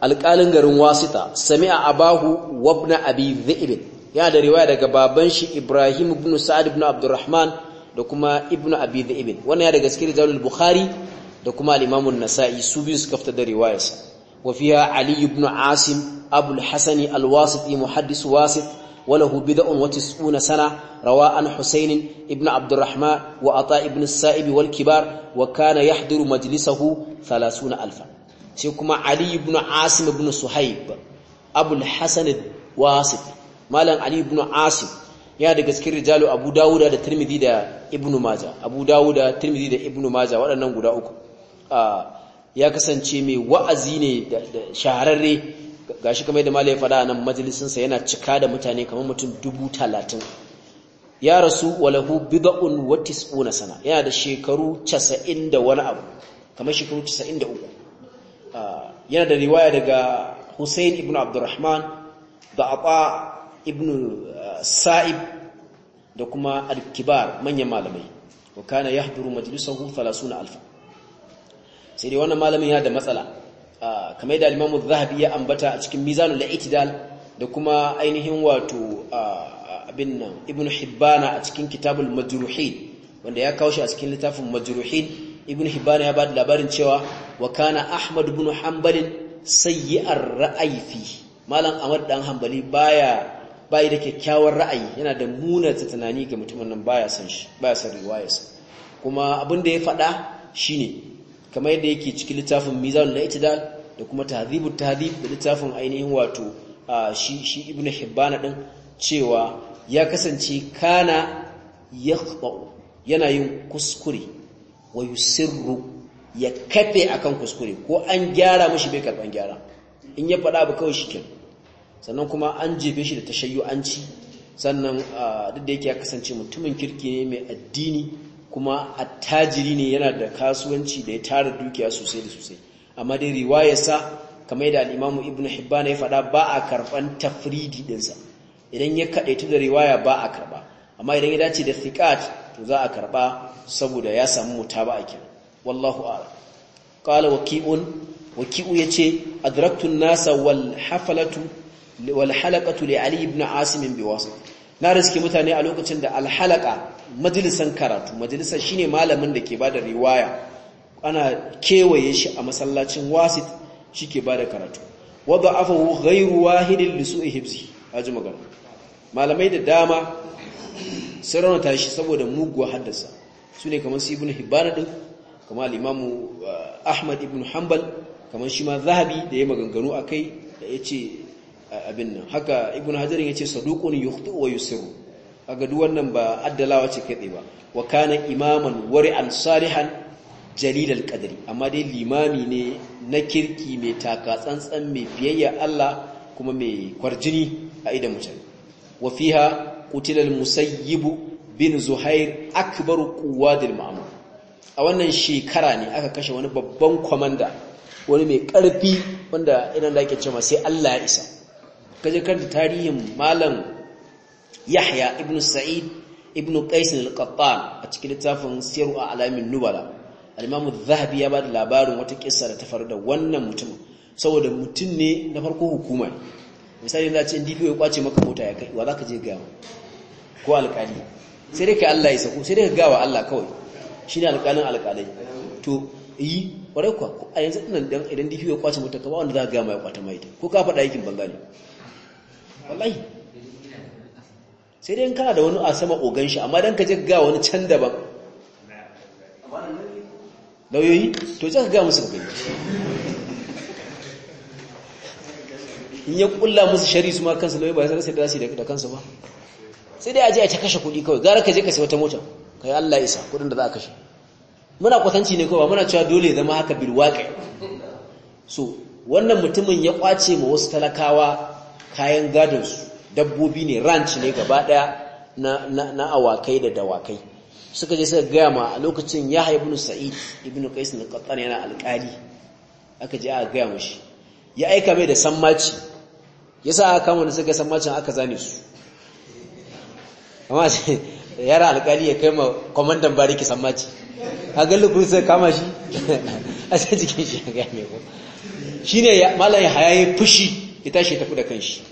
alƙalin garin wasita sami'a abahu wabna abi dhi'ib yana da riwaya daga baban shi ibrahim ibn sa'ad ibn abdurrahman da kuma ibn abi dhi'ib wannan ya daga cikin rijalul bukhari da kuma al-imam an-nasa'i su biyu suka fita da riwayarsa وفيها علي بن عاصم أبو الحسن الواسطي محدث واسط وله بدع وتسعون سنة روى عن حسين ابن عبد الرحمن وعطاء بن السائب والكبار وكان يحضر مجلسه ثلاثون ألفا سيكما علي بن عاصم بن صهيب أبو الحسن الواسط مالا علي بن عاصم ya daga cikin rijalu Abu Dawuda da Tirmidhi da Ibn Majah Abu Dawuda Tirmidhi da Ibn Majah waɗannan guda uku ya kasance mai wa'azi ne da shahararre ga shi kamar da malai faɗa nan majalisinsa yana cika da mutane kamar mutum dubu talatin ya rasu walahu bid'un wa tis'una sana yana da shekaru casa'in da wani abu kamar shekaru casa'in da uku ah, yana da riwaya daga Hussein ibn Abdurrahman da Aba ibn ah, Sa'ib da kuma Al-Kibar manyan malamai wa kana yahduru 30 Alfa. sai dai wannan malamin ya da matsala ah, kamar yadda al-Imam zahabi ya ambata a cikin Mizanul I'tidal da kuma ainihin wato ah, abin nan Ibn Hibbana a cikin Kitabul Majruhin wanda ya kawo shi a cikin littafin Majruhin Ibn Hibbana ya ba bada labarin cewa wa kana Ahmad ibn Hanbal sayyi'ar ra'ayi fi malam Ahmad dan Hanbali baya bai da kyakkyawar ra'ayi yana da munar tunani ga mutumin nan baya san shi baya san riwayarsa kuma abin da ya faɗa shine kamar yadda yake cikin littafin na i'tidal da kuma tahdhibut tahdhib da littafin ainihin wato shi shi ibnu hibban din cewa ya kasance kana ya yana yin kuskure wa yusirru ya kafe kan kuskure ko an gyara mishi bai karban gyara in ya faɗa ba kawai shikin sannan kuma an jefe shi da an ci sannan duk da yake ya kasance mutumin kirki ne mai addini kuma attajiri ne yana da kasuwanci da ya tara dukiya sosai da sosai amma dai riwayarsa kamar yadda al-Imam Ibn Hibban ya faɗa ba a karban tafridi dinsa idan ya kadaitu da riwaya ba a karba amma idan ya dace da thiqat to za a karba saboda ya samu a ba wallahu a'lam qala waqi'un waqi'u yace adraktu an-nasa wal hafalatu wal halaqatu li Ali ibn Asim na riske mutane a lokacin da alhalaka majalisan karatu majalisa shine malamin da ke ba da riwaya ana kewaye shi a masallacin wasit shi ba bada karatu wadda afahu ghairu wahidin su ihibzi hibzi magana malamai da dama sun ta shi saboda muguwa haddasa su ne kamar su ibn din kamar al'imamu uh, ahmad ibn hanbal kamar shi ma zahabi da ya maganganu kai da ya ce. abin nan haka ibn hajar yace saduqun yukhtu wa yusiru kaga duk wannan ba addalawa ce kai ba wa kana imaman an salihan jaridar qadri amma dai limami ne na kirki mai taka tsantsan mai biyayya Allah kuma mai kwarjini a idan mutane wa fiha qutila al-musayyib bin zuhair akbaru quwadil ma'mur a wannan shekara ne aka kashe wani babban komanda wani mai karfi wanda idan da ake cewa sai Allah ya isa kaje karanta tarihin malam Yahya ibn Sa'id ibn Qais al-Qattan a cikin littafin Siru Alamin Nubala al-Imam zahabi ya bada labarin wata kissa da ta faru da wannan mutum saboda mutum ne na farko hukuma ne misali za a ce DPO ya kwace maka mota ya kai wa zaka je ga ko alƙali sai dai ka Allah ya sako sai dai ka gawa Allah kawai shi ne alƙalin alƙalai to yi kwarai kwa a yanzu nan idan DPO ya kwace mota ka ba wanda za ka ga mai kwata mai ko ka faɗa yakin bangare wallahi sai dai kana da wani a sama ogan shi amma dan ka je ga wani can daban lauyoyi to je ka ga musu gani in ya kulla musu shari su ma kansu lauyoyi ba ya sai da su da kansu ba sai dai a je a ta kashe kuɗi kawai gara ka je ka sai wata mota kai Allah isa kuɗin da za a kashe muna kwatanci ne kawai muna cewa dole zama haka bilwaƙi so wannan mutumin ya kwace ma wasu talakawa kayan gadonsu dabbobi ne ranch ne gaba daya na awakai da dawakai suka je suka gaya ma a lokacin ya haibu sa'id ibn qais na qattan yana alƙali aka je aka gaya mashi ya aika mai da sammaci ya sa aka kama da suka sammacin aka zane su amma yara alƙali ya kai ma kwamandan bariki sammaci a gallu kuri sai kama shi a sai jikin shi ya gaya mai ko shi ne ya haya ya fushi ya tashi ya tafi da kanshi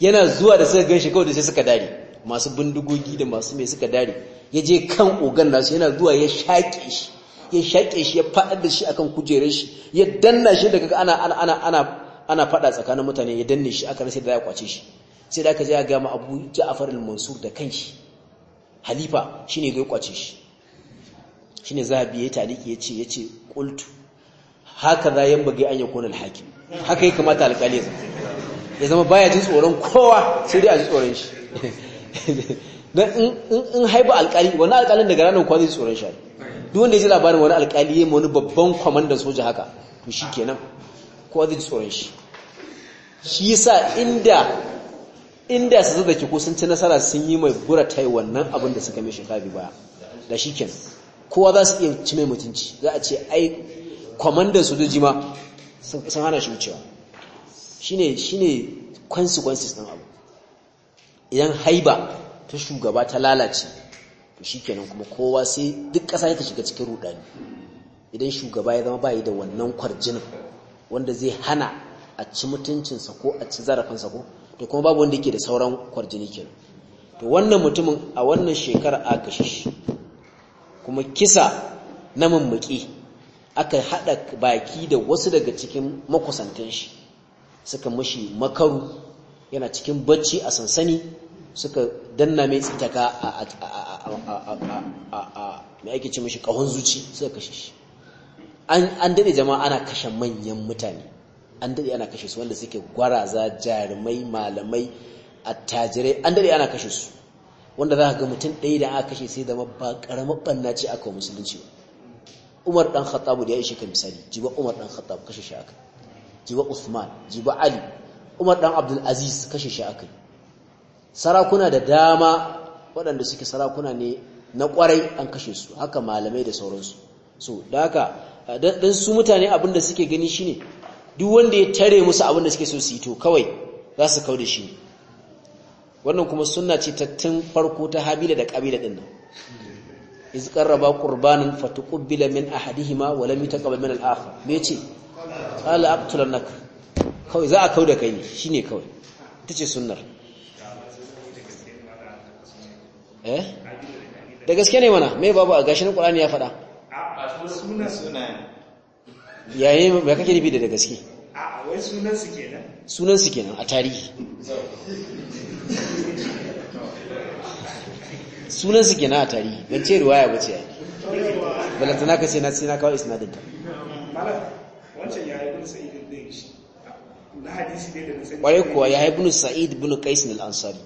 yana zuwa da suka ganshi kawai da sai suka dare masu bindigogi da masu mai suka dare ya je kan ogan nasu yana zuwa ya shaƙe shi ya shaƙe shi ya faɗar da shi akan kujerar shi ya danna shi daga ana ana faɗa tsakanin mutane ya danne shi aka rasa da ya kwace shi sai da aka je ya ga Abu Ja'far al-Mansur da kanshi halifa shine zai kwace shi shine zahabi ya taliki yace yace qultu haka za ya bage an yakuna al-hakim haka yi kamata alkali ya zama baya jin tsoron kowa sai dai a ji tsoron shi don in haiba alkali wani alkalin daga ranar kwa zai tsoron shi duk wanda ya ji labarin wani alkali ya wani babban kwamandan soja haka to shi kenan kowa zai ji tsoron shi shi yasa inda inda su zaba ki ko sun ci nasara sun yi mai gura tai wannan abin da suka mai shekaru baya da shi kenan kowa za su iya ci mai mutunci za a ce ai kwamandan sojoji ma sun hana shi wucewa shine shine consequences din abu idan haiba ta shugaba ta lalace to shikenan kuma kowa sai duk ƙasa ta shiga cikin rudani idan shugaba ya zama bayi da wannan kwarjinin wanda zai hana a ci mutuncinsa ko a ci zarafinsa ko to kuma babu wanda yake da sauran kwarjini kenan to wannan mutumin a wannan shekara a kashe shi kuma kisa na mummuki aka haɗa baki da wasu daga cikin makusantan shi suka mashi makaru yana cikin bacci a sansani suka danna mai tsitaka a mai ake mashi zuci suka kashe shi an daɗe jama'a ana kashe manyan mutane an daɗe ana kashe su wanda suke gwaraza jarumai malamai attajirai an daɗe ana kashe su wanda za ka ga mutum ɗaya da aka kashe sai da ba ƙaramar ɓanna ce aka musulunci ba umar dan Khattabu da ya ishe ka misali jiba umar dan Khattabu kashe shi aka, jiba usman jiba ali umar dan abdul aziz kashe shi aka. sarakuna da dama waɗanda suke sarakuna ne na kwarai an kashe su haka malamai da sauransu so da haka dan su mutane abinda suke gani shi ne, duk wanda ya tare musu abinda suke so su yi to kawai za su da shi wannan kuma sunna ce ta farko ta habila da kabila ɗin nan iz qarraba qurbanan fatuqbila min ahadihima wa lam yutaqabbal min al-akhar me yace qala aqtulanak kawai za a da kai shine kawai tace sunnar eh da gaske ne mana me babu a gashin qur'ani ya fada a sunan sunan yayin ba kake da gaske sunan su kenan sunan su kenan a tarihi sunan suke na a tarihi ban ce ruwaya ba ce balantana ka ce na sai na kawai isnadin ta kwarai kuwa ya haibunu sa'id bin qais Al'ansari. ansari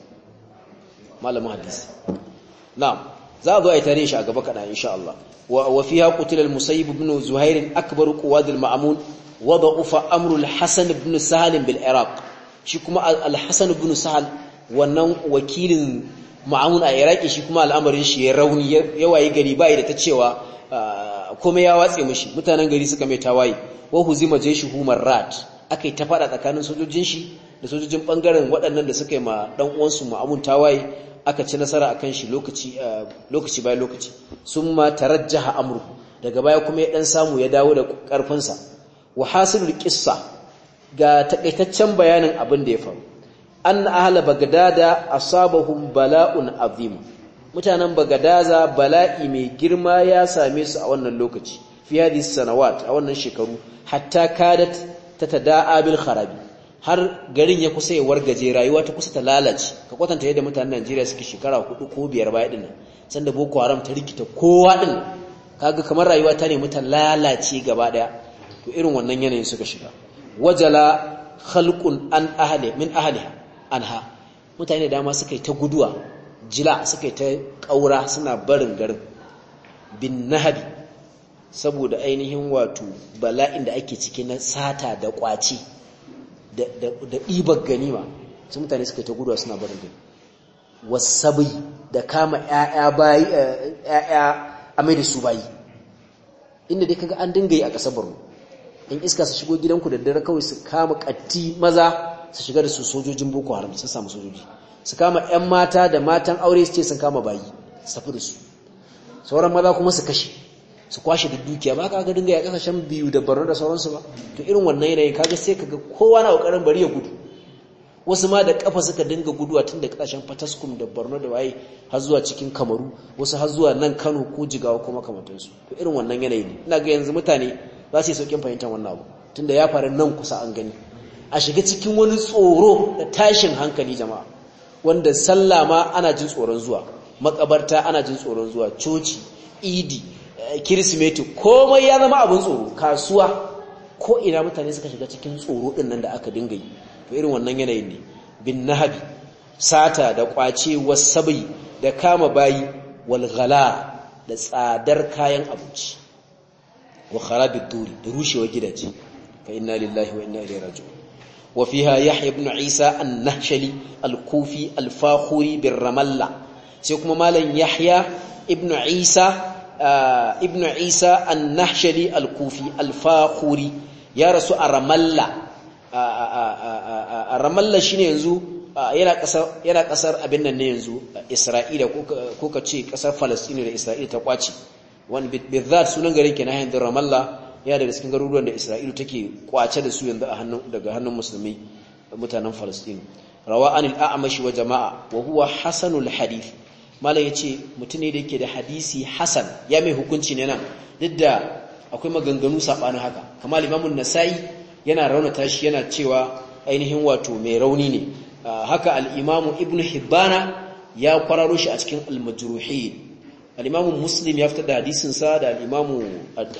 malamin hadisi na'am za a zo a yi tarihi shi a gaba kaɗan insha Allah wa fiha qutila al musayyib ibn zuhair akbar ma'amun al ufa وضعف امر الحسن بن سهل بالعراق shi kuma al-hasan ibn sahal wannan wakilin ma'amun a iraki shi kuma al'amarin shi ya rauni ya wayi gari bai da ta cewa komai ya watse mashi mutanen gari suka mai tawaye wa huzima rat aka yi ta fada tsakanin sojojin shi da sojojin bangaren waɗannan da suka yi ma ɗan uwansu ma'amun tawaye aka ci nasara a kan shi lokaci lokaci bayan lokaci summa tarajjaha amurku daga baya kuma ya ɗan samu ya dawo da ƙarfinsa wa hasilul kissa ga takaitaccen bayanin abin da ya faru an ahala bagadada a sabahun bala'un azim mutanen bagadaza bala'i mai girma ya same su a wannan lokaci fi hadhihi sanawat a wannan shekaru hatta kadat tatada'a abil kharabi har garin ya kusa ya wargaje rayuwa ta kusa ta lalace ka kwatanta yadda mutanen Najeriya suke shekara hudu ko biyar baya dinnan sanda Boko Haram ta rikita kowa din kaga kamar rayuwa ta ne ta lalace gaba daya to irin wannan yanayin suka shiga wajala khalqun an ahli min ahliha anha mutane dama suka yi ta guduwa jila suka yi ta ƙaura suna barin garin bin nahabi saboda ainihin wato bala'in da ake ciki na sata da ƙwace da ɗibar ganima su mutane suka yi ta guduwa suna barin garin wasabi da kama ‘ya'ya a mai da su bayi inda dai kaga an dinga yi a ƙasar in iska su shigo gidanku da dare kawai su kama ƙatti maza su shiga da su sojojin boko haram sun samu sojoji su kama yan mata da matan aure su ce sun kama bayi su tafi da su sauran maza kuma su kashe su kwashe da dukiya ba ka ga dinga ya kasashen biyu da barno da sauransu ba to irin wannan yanayin kaga sai ka ga kowa na kokarin bari ya gudu wasu ma da kafa suka dinga guduwa tun da kasashen fataskum da barno da waye har zuwa cikin kamaru wasu har zuwa nan kano ko jigawa kuma makamantansu to irin wannan yanayi ne ina ga yanzu mutane za su yi saukin fahimtar wannan abu tunda ya faru nan kusa an gani a shiga cikin wani tsoro da tashin hankali jama'a wanda sallah ma ana jin tsoron zuwa makabarta ana jin tsoron zuwa coci idi eh, kirsimeti komai ya zama abin tsoro kasuwa ko ina mutane suka shiga cikin tsoro din nan da aka dinga yi to irin wannan yanayin ne bin nahabi sata da kwace wasabi da kama bayi wal ghala da tsadar kayan abinci wa kharabi duri da rushewar gidaje fa inna lillahi wa inna ilaihi raji'un وفيها يحيى بن عيسى النهشلي الكوفي الفاخري بالرملة سيكم مالا يحيى ابن عيسى ابن عيسى النهشلي الكوفي الفاخري يا رسو الرملة الرملة شنو ينزو yana kasar yana kasar abin ne yanzu Isra'ila ko ka ce ƙasar Palestine da Isra'ila ta kwace wan bidzat sunan garin kenan hayin Ramallah yana daga cikin garuruwan da Isra'il take kwace da su yanzu a hannun daga hannun musulmi mutanen Falastin rawa anil a'mashi wa jama'a wa huwa hasanul hadith malam yace mutum ne da yake da hadisi hasan ya mai hukunci ne nan duk da akwai maganganu sabanin haka kamar limamun nasai yana raunata shi yana cewa ainihin wato mai rauni ne haka al imamu Ibn Hibbana ya kwararo shi a cikin al-Majruhin al'imamu muslim ya fita da hadisin sa da al'imamu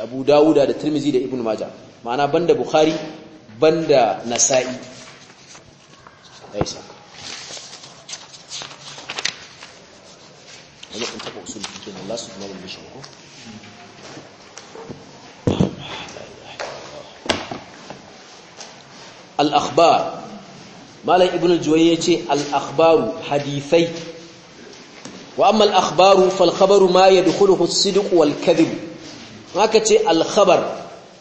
abu dawuda da tirmizi da ibn maja ma'ana banda bukhari banda nasa'i aisha wani kun taba usul cikin Allah su kuma bambashi ko al-akhbar malam ibnu juwayy yace al-akhbaru hadithai wa amma al-akhbaru fal khabaru ma yadkhuluhu as-sidq wal haka ce al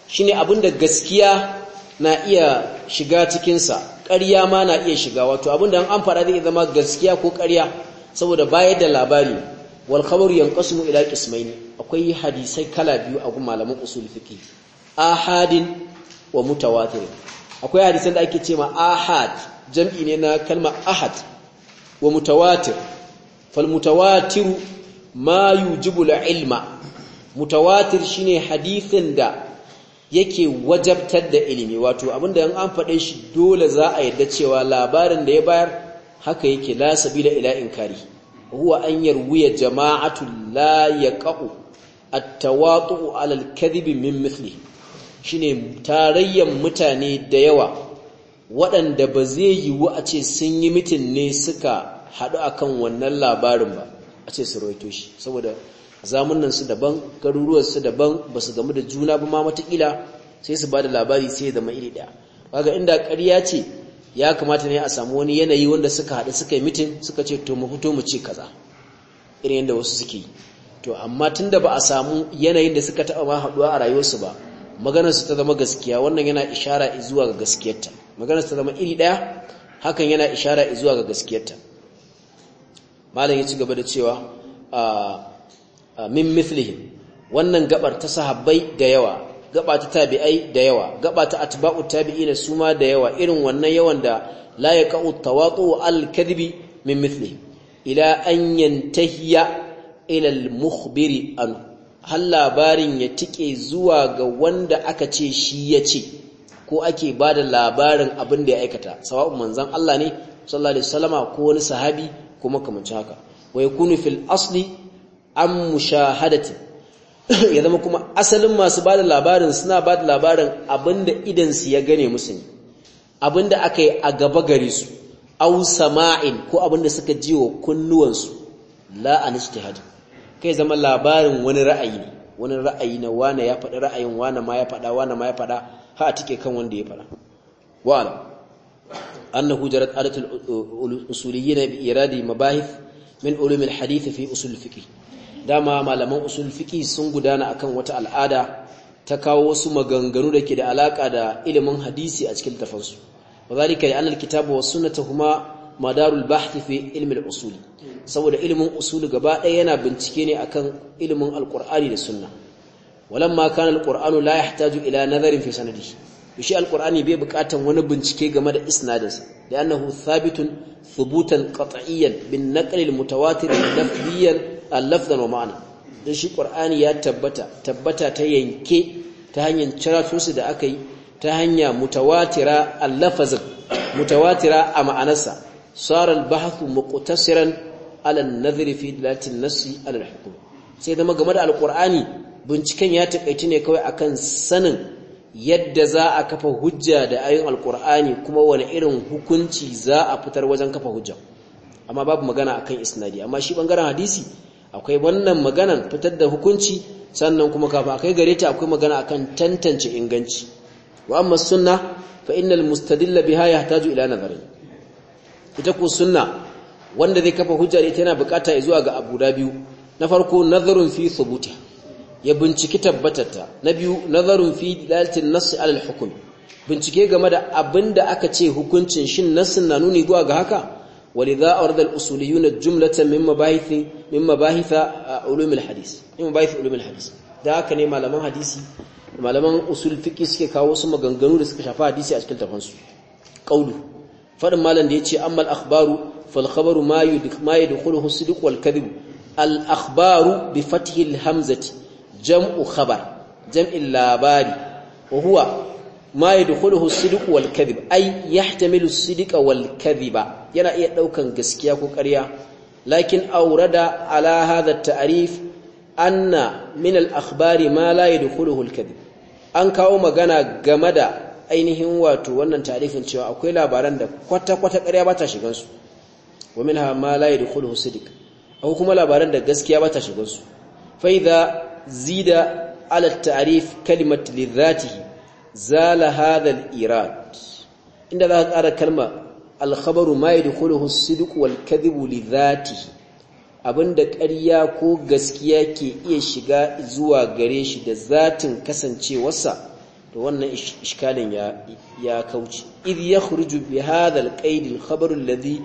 shine abinda gaskiya na iya shiga cikin sa ƙarya ma na iya shiga wato abinda an fara zai zama gaskiya ko ƙarya saboda bayar da labari wal khabaru yanqasimu ila qismaini akwai hadisai kala biyu a gun malaman usul ahadin wa mutawatir akwai hadisan da ake cewa ahad jam'i ne na kalma ahad wa mutawatir falmutawatiru ma yujibu ilma mutawatir shine hadithin da yake wajabtar da ilimi wato abinda in an faɗe shi dole za a yadda cewa labarin da ya bayar haka yake la sabila ila inkari huwa an yarwiya jama'atu la yaqau at-tawatu ala al kadhib min mithli shine tarayyan mutane da yawa waɗanda ba zai yiwu a ce sun yi mitin ne suka haɗu akan wannan labarin ba a ce su roito shi saboda zamunan su daban garuruwar su daban ba su gamu da juna ba ma matakila sai su ba da labari sai zama iri ɗaya kaga inda ƙarya ce ya kamata ne a samu wani yanayi wanda suka haɗu suka yi mitin suka ce to mu fito mu ce kaza irin yadda wasu suke yi to amma tun da ba a samu yanayin da suka taɓa ma haɗuwa a rayuwarsu ba maganar su ta zama gaskiya wannan yana ishara zuwa ga gaskiyarta maganar su ta zama iri ɗaya hakan yana ishara zuwa ga gaskiyarta malam ya ci gaba da cewa ah, ah, min mithlihim wannan gabar ta sahabbai da yawa gaba tabi'ai da yawa gaba ta atba'u tabi'ina suma da yawa irin wannan yawan da la yaqa'u tawatu al-kadhibi min mithlihi ila an yantahiya ila al-mukhbiri an labarin ya tike zuwa ga wanda aka ce shi ya ce ko ake bada labarin abin da ya aikata sawa'un manzon Allah ne sallallahu alaihi wasallama ko wani sahabi ko makamanci haka wai yakunu fil asli an mushahadati ya zama kuma asalin masu bada labarin suna bada labarin abinda idan su ya gane musu ne abinda aka yi a gaba gare su au sama'in ko abinda suka ji wa kunnuwansu la an istihad kai zama labarin wani ra'ayi ne wani ra'ayi na wani ya faɗi ra'ayin wani ma ya faɗa wani ma ya faɗa ha tike kan wanda ya faɗa wa'ala أنه جرت آلة الأصوليين بإيراد مباحث من علوم الحديث في أصول الفقه dama malaman usul sun gudana akan wata al'ada ta kawo wasu maganganu da ke da alaka da ilimin hadisi a cikin tafansu wadhalika li'anna al-kitaba wa sunnatuhuma madarul bahth fi ilmi al saboda ilimin usul gaba ɗaya yana bincike ne akan ilimin alƙur'ani da sunna walan kana al-qur'anu la yahtaju ila nadharin fi shi alqur'ani bai buƙatar wani bincike game da isnadinsa da annahu thabitun thubutan qat'iyyan bin naql al mutawatir lafziyan al lafdan wa ma'ana dan shi qur'ani ya tabbata tabbata ta yanke ta hanyar cirato da aka yi ta hanya mutawatira al lafazin mutawatira a ma'anarsa sara al bahthu muqtasiran ala al nadhri fi dilati nassi ala al hukm sai zama game da alqur'ani binciken ya takaici ne kawai akan sanin yadda za a kafa hujja da ayin alkur'ani kuma wani irin hukunci za a fitar wajen kafa hujja amma babu magana akan isnadi amma shi bangaren hadisi akwai wannan maganan fitar da hukunci sannan kuma kafin akai gare ta akwai magana akan tantance inganci wa amma sunna fa innal mustadilla biha yahtaju ila nazari ita ku sunna wanda zai kafa hujja da ita yana bukata zuwa ga abu da biyu na farko nazarun fi thubutiha ya binciki tabbatarta na biyu nazarun fi dalatin nassi alal hukum bincike game da abinda aka ce hukuncin shin nassin na nuni zuwa ga haka walidha awrada al-usuliyuna jumlatan min min mabahith uh, ulum al-hadith min mabahith ulum al-hadith da haka ne malaman hadisi malaman usul fiqh suke kawo su maganganu da suka shafi hadisi a cikin tafansu qaulu fadin malam da yace amma al-akhbaru fal khabaru ma yudkhilu as-sidq wal-kadhib al-akhbaru bi fathil hamzati jam'u khabar jam'in labari wahuwa huwa ma yadkhuluhu as-sidq wal ai ay yahtamilu as-sidq yana iya ɗaukan gaskiya ko ƙarya lakin aurada da hadha at-ta'rif anna min al ma la yadkhuluhu al-kadhib an kawo magana game da ainihin wato wannan tarifin cewa akwai labaran da kwata-kwata ƙarya ba ta shigansu wamin ha ma la kuma labaran da gaskiya ba ta shigansu zida ala ta'rif kalimat li dhatihi zala hadha al-irad inda za ka ƙara kalma al-khabaru ma yadkhuluhu as-sidq wal-kadhibu li abinda ƙarya ko gaskiya ke iya shiga zuwa gare shi da zatin kasancewarsa to wannan iskalin ya kauce idh yakhruju bi hadha al-qayd al-khabar alladhi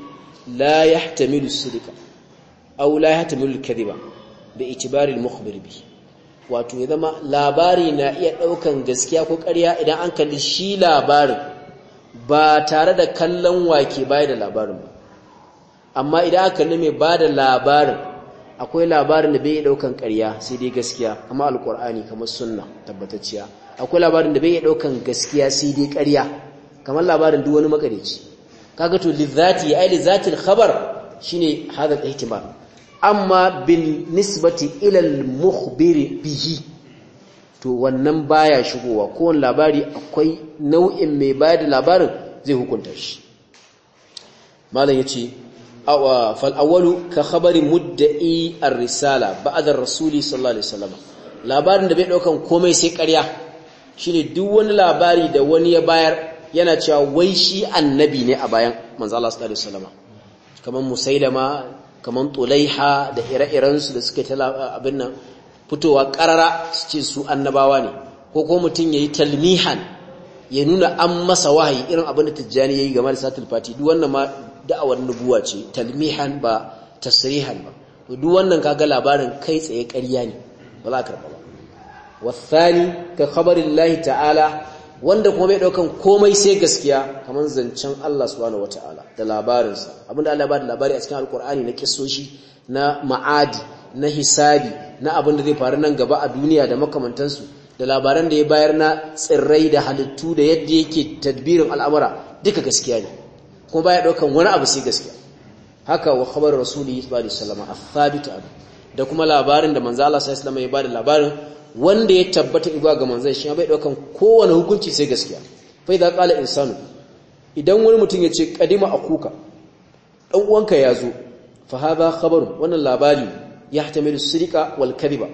la yahtamilu as-sidqa aw la yahtamilu al-kadhiba bi itibari al-mukhbir bihi wato ya zama labari na iya ɗaukan gaskiya ko karya idan an kalli shi labarin ba tare da kallon wake baya da labarin ba amma idan aka kalli mai ba da labarin akwai labarin da bai iya ɗaukan ƙarya sai dai gaskiya kamar alƙur'ani kamar sunna tabbatacciya akwai labarin da bai iya ɗaukan gaskiya sai dai karya, kamar labarin duk wani makarici kaga to lizati ai lizatil khabar shine hadal ihtimal amma bin nisbati ilal mukhbiri bihi to wannan baya shigowa kowane labari akwai nau'in mai bayar da labarin zai hukunta shi malam yace fal awwalu ka khabari mudda'i ar-risala ba'da ar-rasuli sallallahu alaihi wasallam labarin da bai daukan komai sai ƙarya shine duk wani labari da wani ya bayar yana cewa wai shi annabi ne a bayan manzo Allah sallallahu alaihi wasallam kamar musailama kamar tsulaiha da ire-irensu da suka ta abin nan fitowa ƙarara su ce su annabawa ne ko ko mutum yayi talmihan ya nuna an masa wahayi irin abin da tijjani yi game da satul fati duk wannan ma da'awar nubuwa ce talmihan ba tasrihan ba to duk wannan kaga labarin kai tsaye ƙarya ne ba za ka karba ba wasani ka khabarillahi ta'ala wanda kuma bai daukan komai sai gaskiya kamar zancen Allah subhanahu wataala da labarinsa abinda Allah ya bada labari a cikin alkur'ani na kissoshi na ma'adi na hisabi na abin da zai faru nan gaba a duniya da makamantansu da labaran da ya bayar na tsirrai da halittu da yadda yake tadbirin al'amura duka gaskiya ne kuma baya daukan wani abu sai gaskiya haka wa khabar rasuli sallallahu alaihi wasallam da kuma labarin da manzo Allah sallallahu alaihi wasallam ya bada labarin wanda ya tabbata izuwa ga manzon shi bai daukan kowane hukunci sai gaskiya fa idza qala insanu idan wani mutum ya ce kadima akuka dan uwanka ya zo fa hadha khabaru wannan labari yahtamilu sirqa wal kadhiba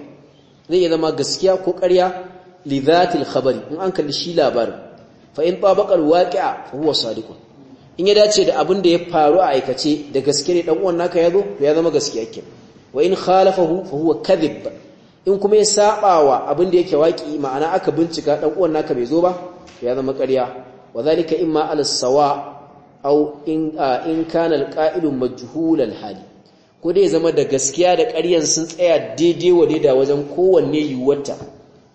zai iya zama gaskiya ko ƙarya li dhatil khabari in an kalli shi labarin fa in tabaqal waqi'a huwa sadiqun in ya dace da abin da ya faru a aikace da gaske ne dan uwan naka ya zo to ya zama gaskiya kenan wa in khalafahu fa huwa kadhib in kuma ya saba wa abin da yake waki ma'ana aka bincika dan uwan naka bai zo ba ya zama ƙarya wa zalika imma al-sawa aw in in kana al-qa'ilu majhul al-hali ko dai zama da gaskiya da ƙaryan sun tsaya daidai wa da wajen kowanne yiwuwarta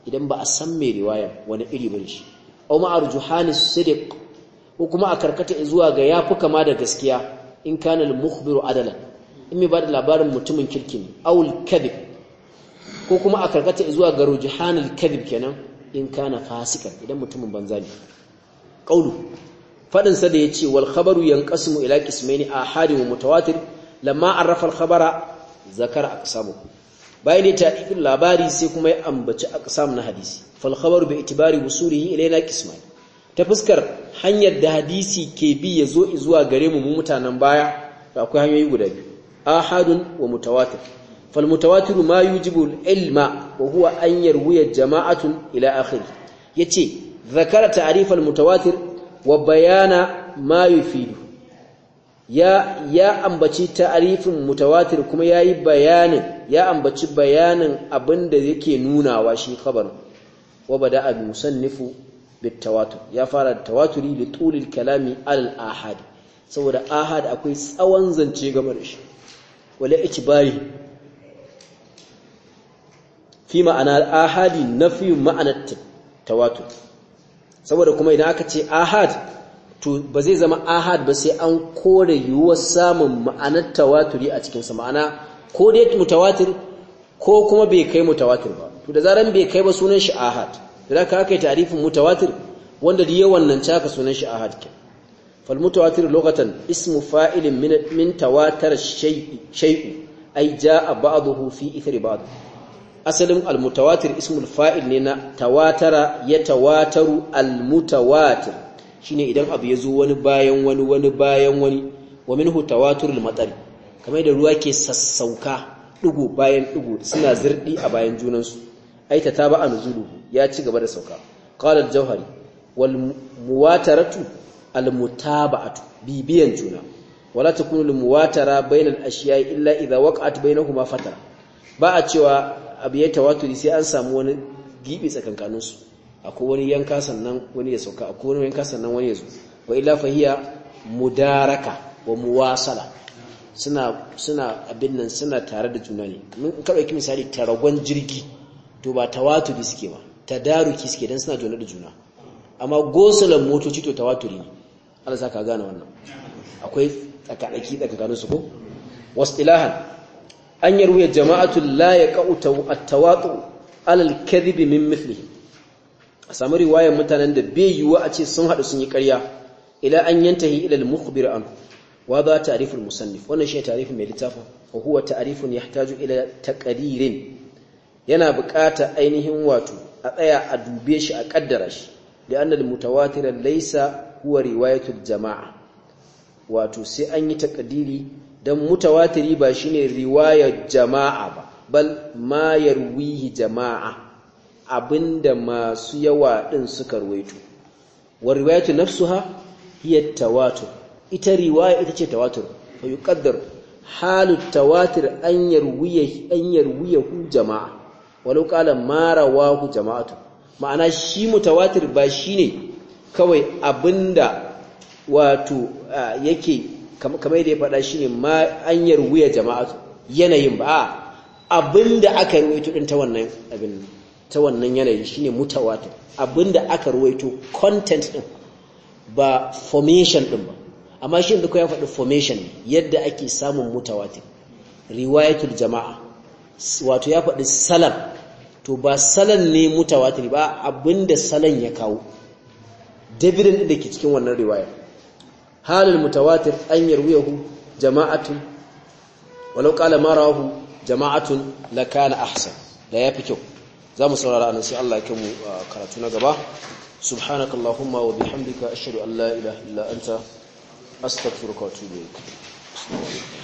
idan ba a san mai riwaya wani iri bane shi aw ma arjuhanis sidiq ko kuma a karkata zuwa ga yafi kama da gaskiya in kana al-mukhbiru adalan in mai ba da labarin mutumin kirkin aw al-kadhib ko kuma a karkata zuwa ga rujihanul kadhib kenan in kana fasikan idan mutumin banza ne qaulu fadin sa da yace wal khabaru yanqasimu ila qismaini ahadi wa mutawatir lamma arrafa al khabara zakara aqsamu ne ta ikin labari sai kuma ya ambaci aqsam na hadisi fal khabaru bi itibari wusulihi ilaina qismaini ta fuskar hanyar da hadisi ke bi ya zo zuwa gare mu mutanen baya akwai hanyoyi guda biyu ahadun wa mutawatir فالمتواتر ما يجب العلم وهو أن يروي جماعة إلى آخره يتي ذكر تعريف المتواتر وبيان bayana يفيده ya ya ambaci ta'arifin mutawatir kuma yayi bayanin ya ambaci bayanin abinda yake nunawa shi khabar wa bada al-musannifu bitawatur ya fara tawaturi li tulil kalami al-ahad saboda ahad akwai tsawon zance game da shi wala ikbari fi ma'ana ahadi nafi ma'anar tawatu saboda kuma idan aka ce ahad to ba zai zama ahad ba sai an kore yiwuwar samun ma'anar tawaturi a cikinsa ma'ana ko dai mutawatir ko kuma bai kai mutawatir ba to da zaran bai kai ba sunan shi ahad da ka kai tarifin mutawatir wanda da yawan nan caka sunan shi ahad ke fal mutawatir lokatan ismu fa'ilin min tawatar shai'u ai ja jaa ba'dahu fi ithri ba'dahu asalin almutawatir ismul fa'il ne na tawatara ya tawataru almutawatir shine idan abu ya zo wani bayan wani wani bayan wani wa minhu tawaturul matsari kamar da ruwa ke sassauka ɗigo bayan ɗigo suna zirɗi a bayan junansu ai ta taba a ya ci gaba da sauka qala jauhari wal muwataratu bibiyan juna wala takunu al muwatara bainal ashiya'i illa idha waqa'at bainahuma fatara ba a cewa abu ya tawaturi sai an samu wani gibi tsakankaninsu akwai wani yanka sannan wani ya sauka akwai wani yanka sannan wani ya zo wa ila fahiya mudaraka wa muwasala suna suna abin nan suna tare da juna ne mun ka dauki misali taragon jirgi to ba tawaturi suke ba tadaruki suke dan suna jona da juna amma gosulan motoci to tawaturi ne Allah saka gane wannan akwai tsakadaki tsakankaninsu ko Wasu ilahan an yarwiya jama'atul la yaqau a tawatu alal kadhib min mithlihi a samu riwayar mutanen da bai yiwuwa a ce sun haɗu sun yi ƙarya ila an yantahi ila al-mukhbir an wa za ta'riful musannif wannan shi ta'rifin mai littafin wa huwa ta'rifun yahtaju ila taƙadirin, yana buƙata ainihin wato a tsaya a dube shi a ƙaddara shi da annal mutawatir laisa huwa riwayatul jama'a wato sai an yi takadiri dan mutawatiri ba shine riwaya jama'a ba bal ma yarwihi jama'a abinda masu yawa din suka ruwaito wa riwayatu nafsuha hiya tawatur ita riwaya ita ce tawatur fa yuqaddar halu tawatir an yarwiya an jama'a walau qala ma rawahu jama'atu ma'ana shi mutawatir ba shine kawai abinda wato yake kamar yadda ya faɗa ne ma anyar wuya jama'a yanayin ba abinda aka ruwaito din ta wannan abin ta wannan yanayi shine abinda aka ruwaito content din ba formation din ba amma shi yanzu ko ya faɗi formation yadda ake samun mutawatir riwayatul jama'a wato ya faɗi salam to ba salan ne mutawatir ba abinda salan ya kawo dabirin da ke cikin wannan riwayar halul mutawatir an yarwiyahu jama'atun walau qala ma rawahu jama'atun lakana ahsan da yafi kyau za mu saurara anan sai Allah ya mu karatu na gaba subhanakallahumma wa bihamdika ashhadu an la ilaha illa anta astaghfiruka wa atubu ilaik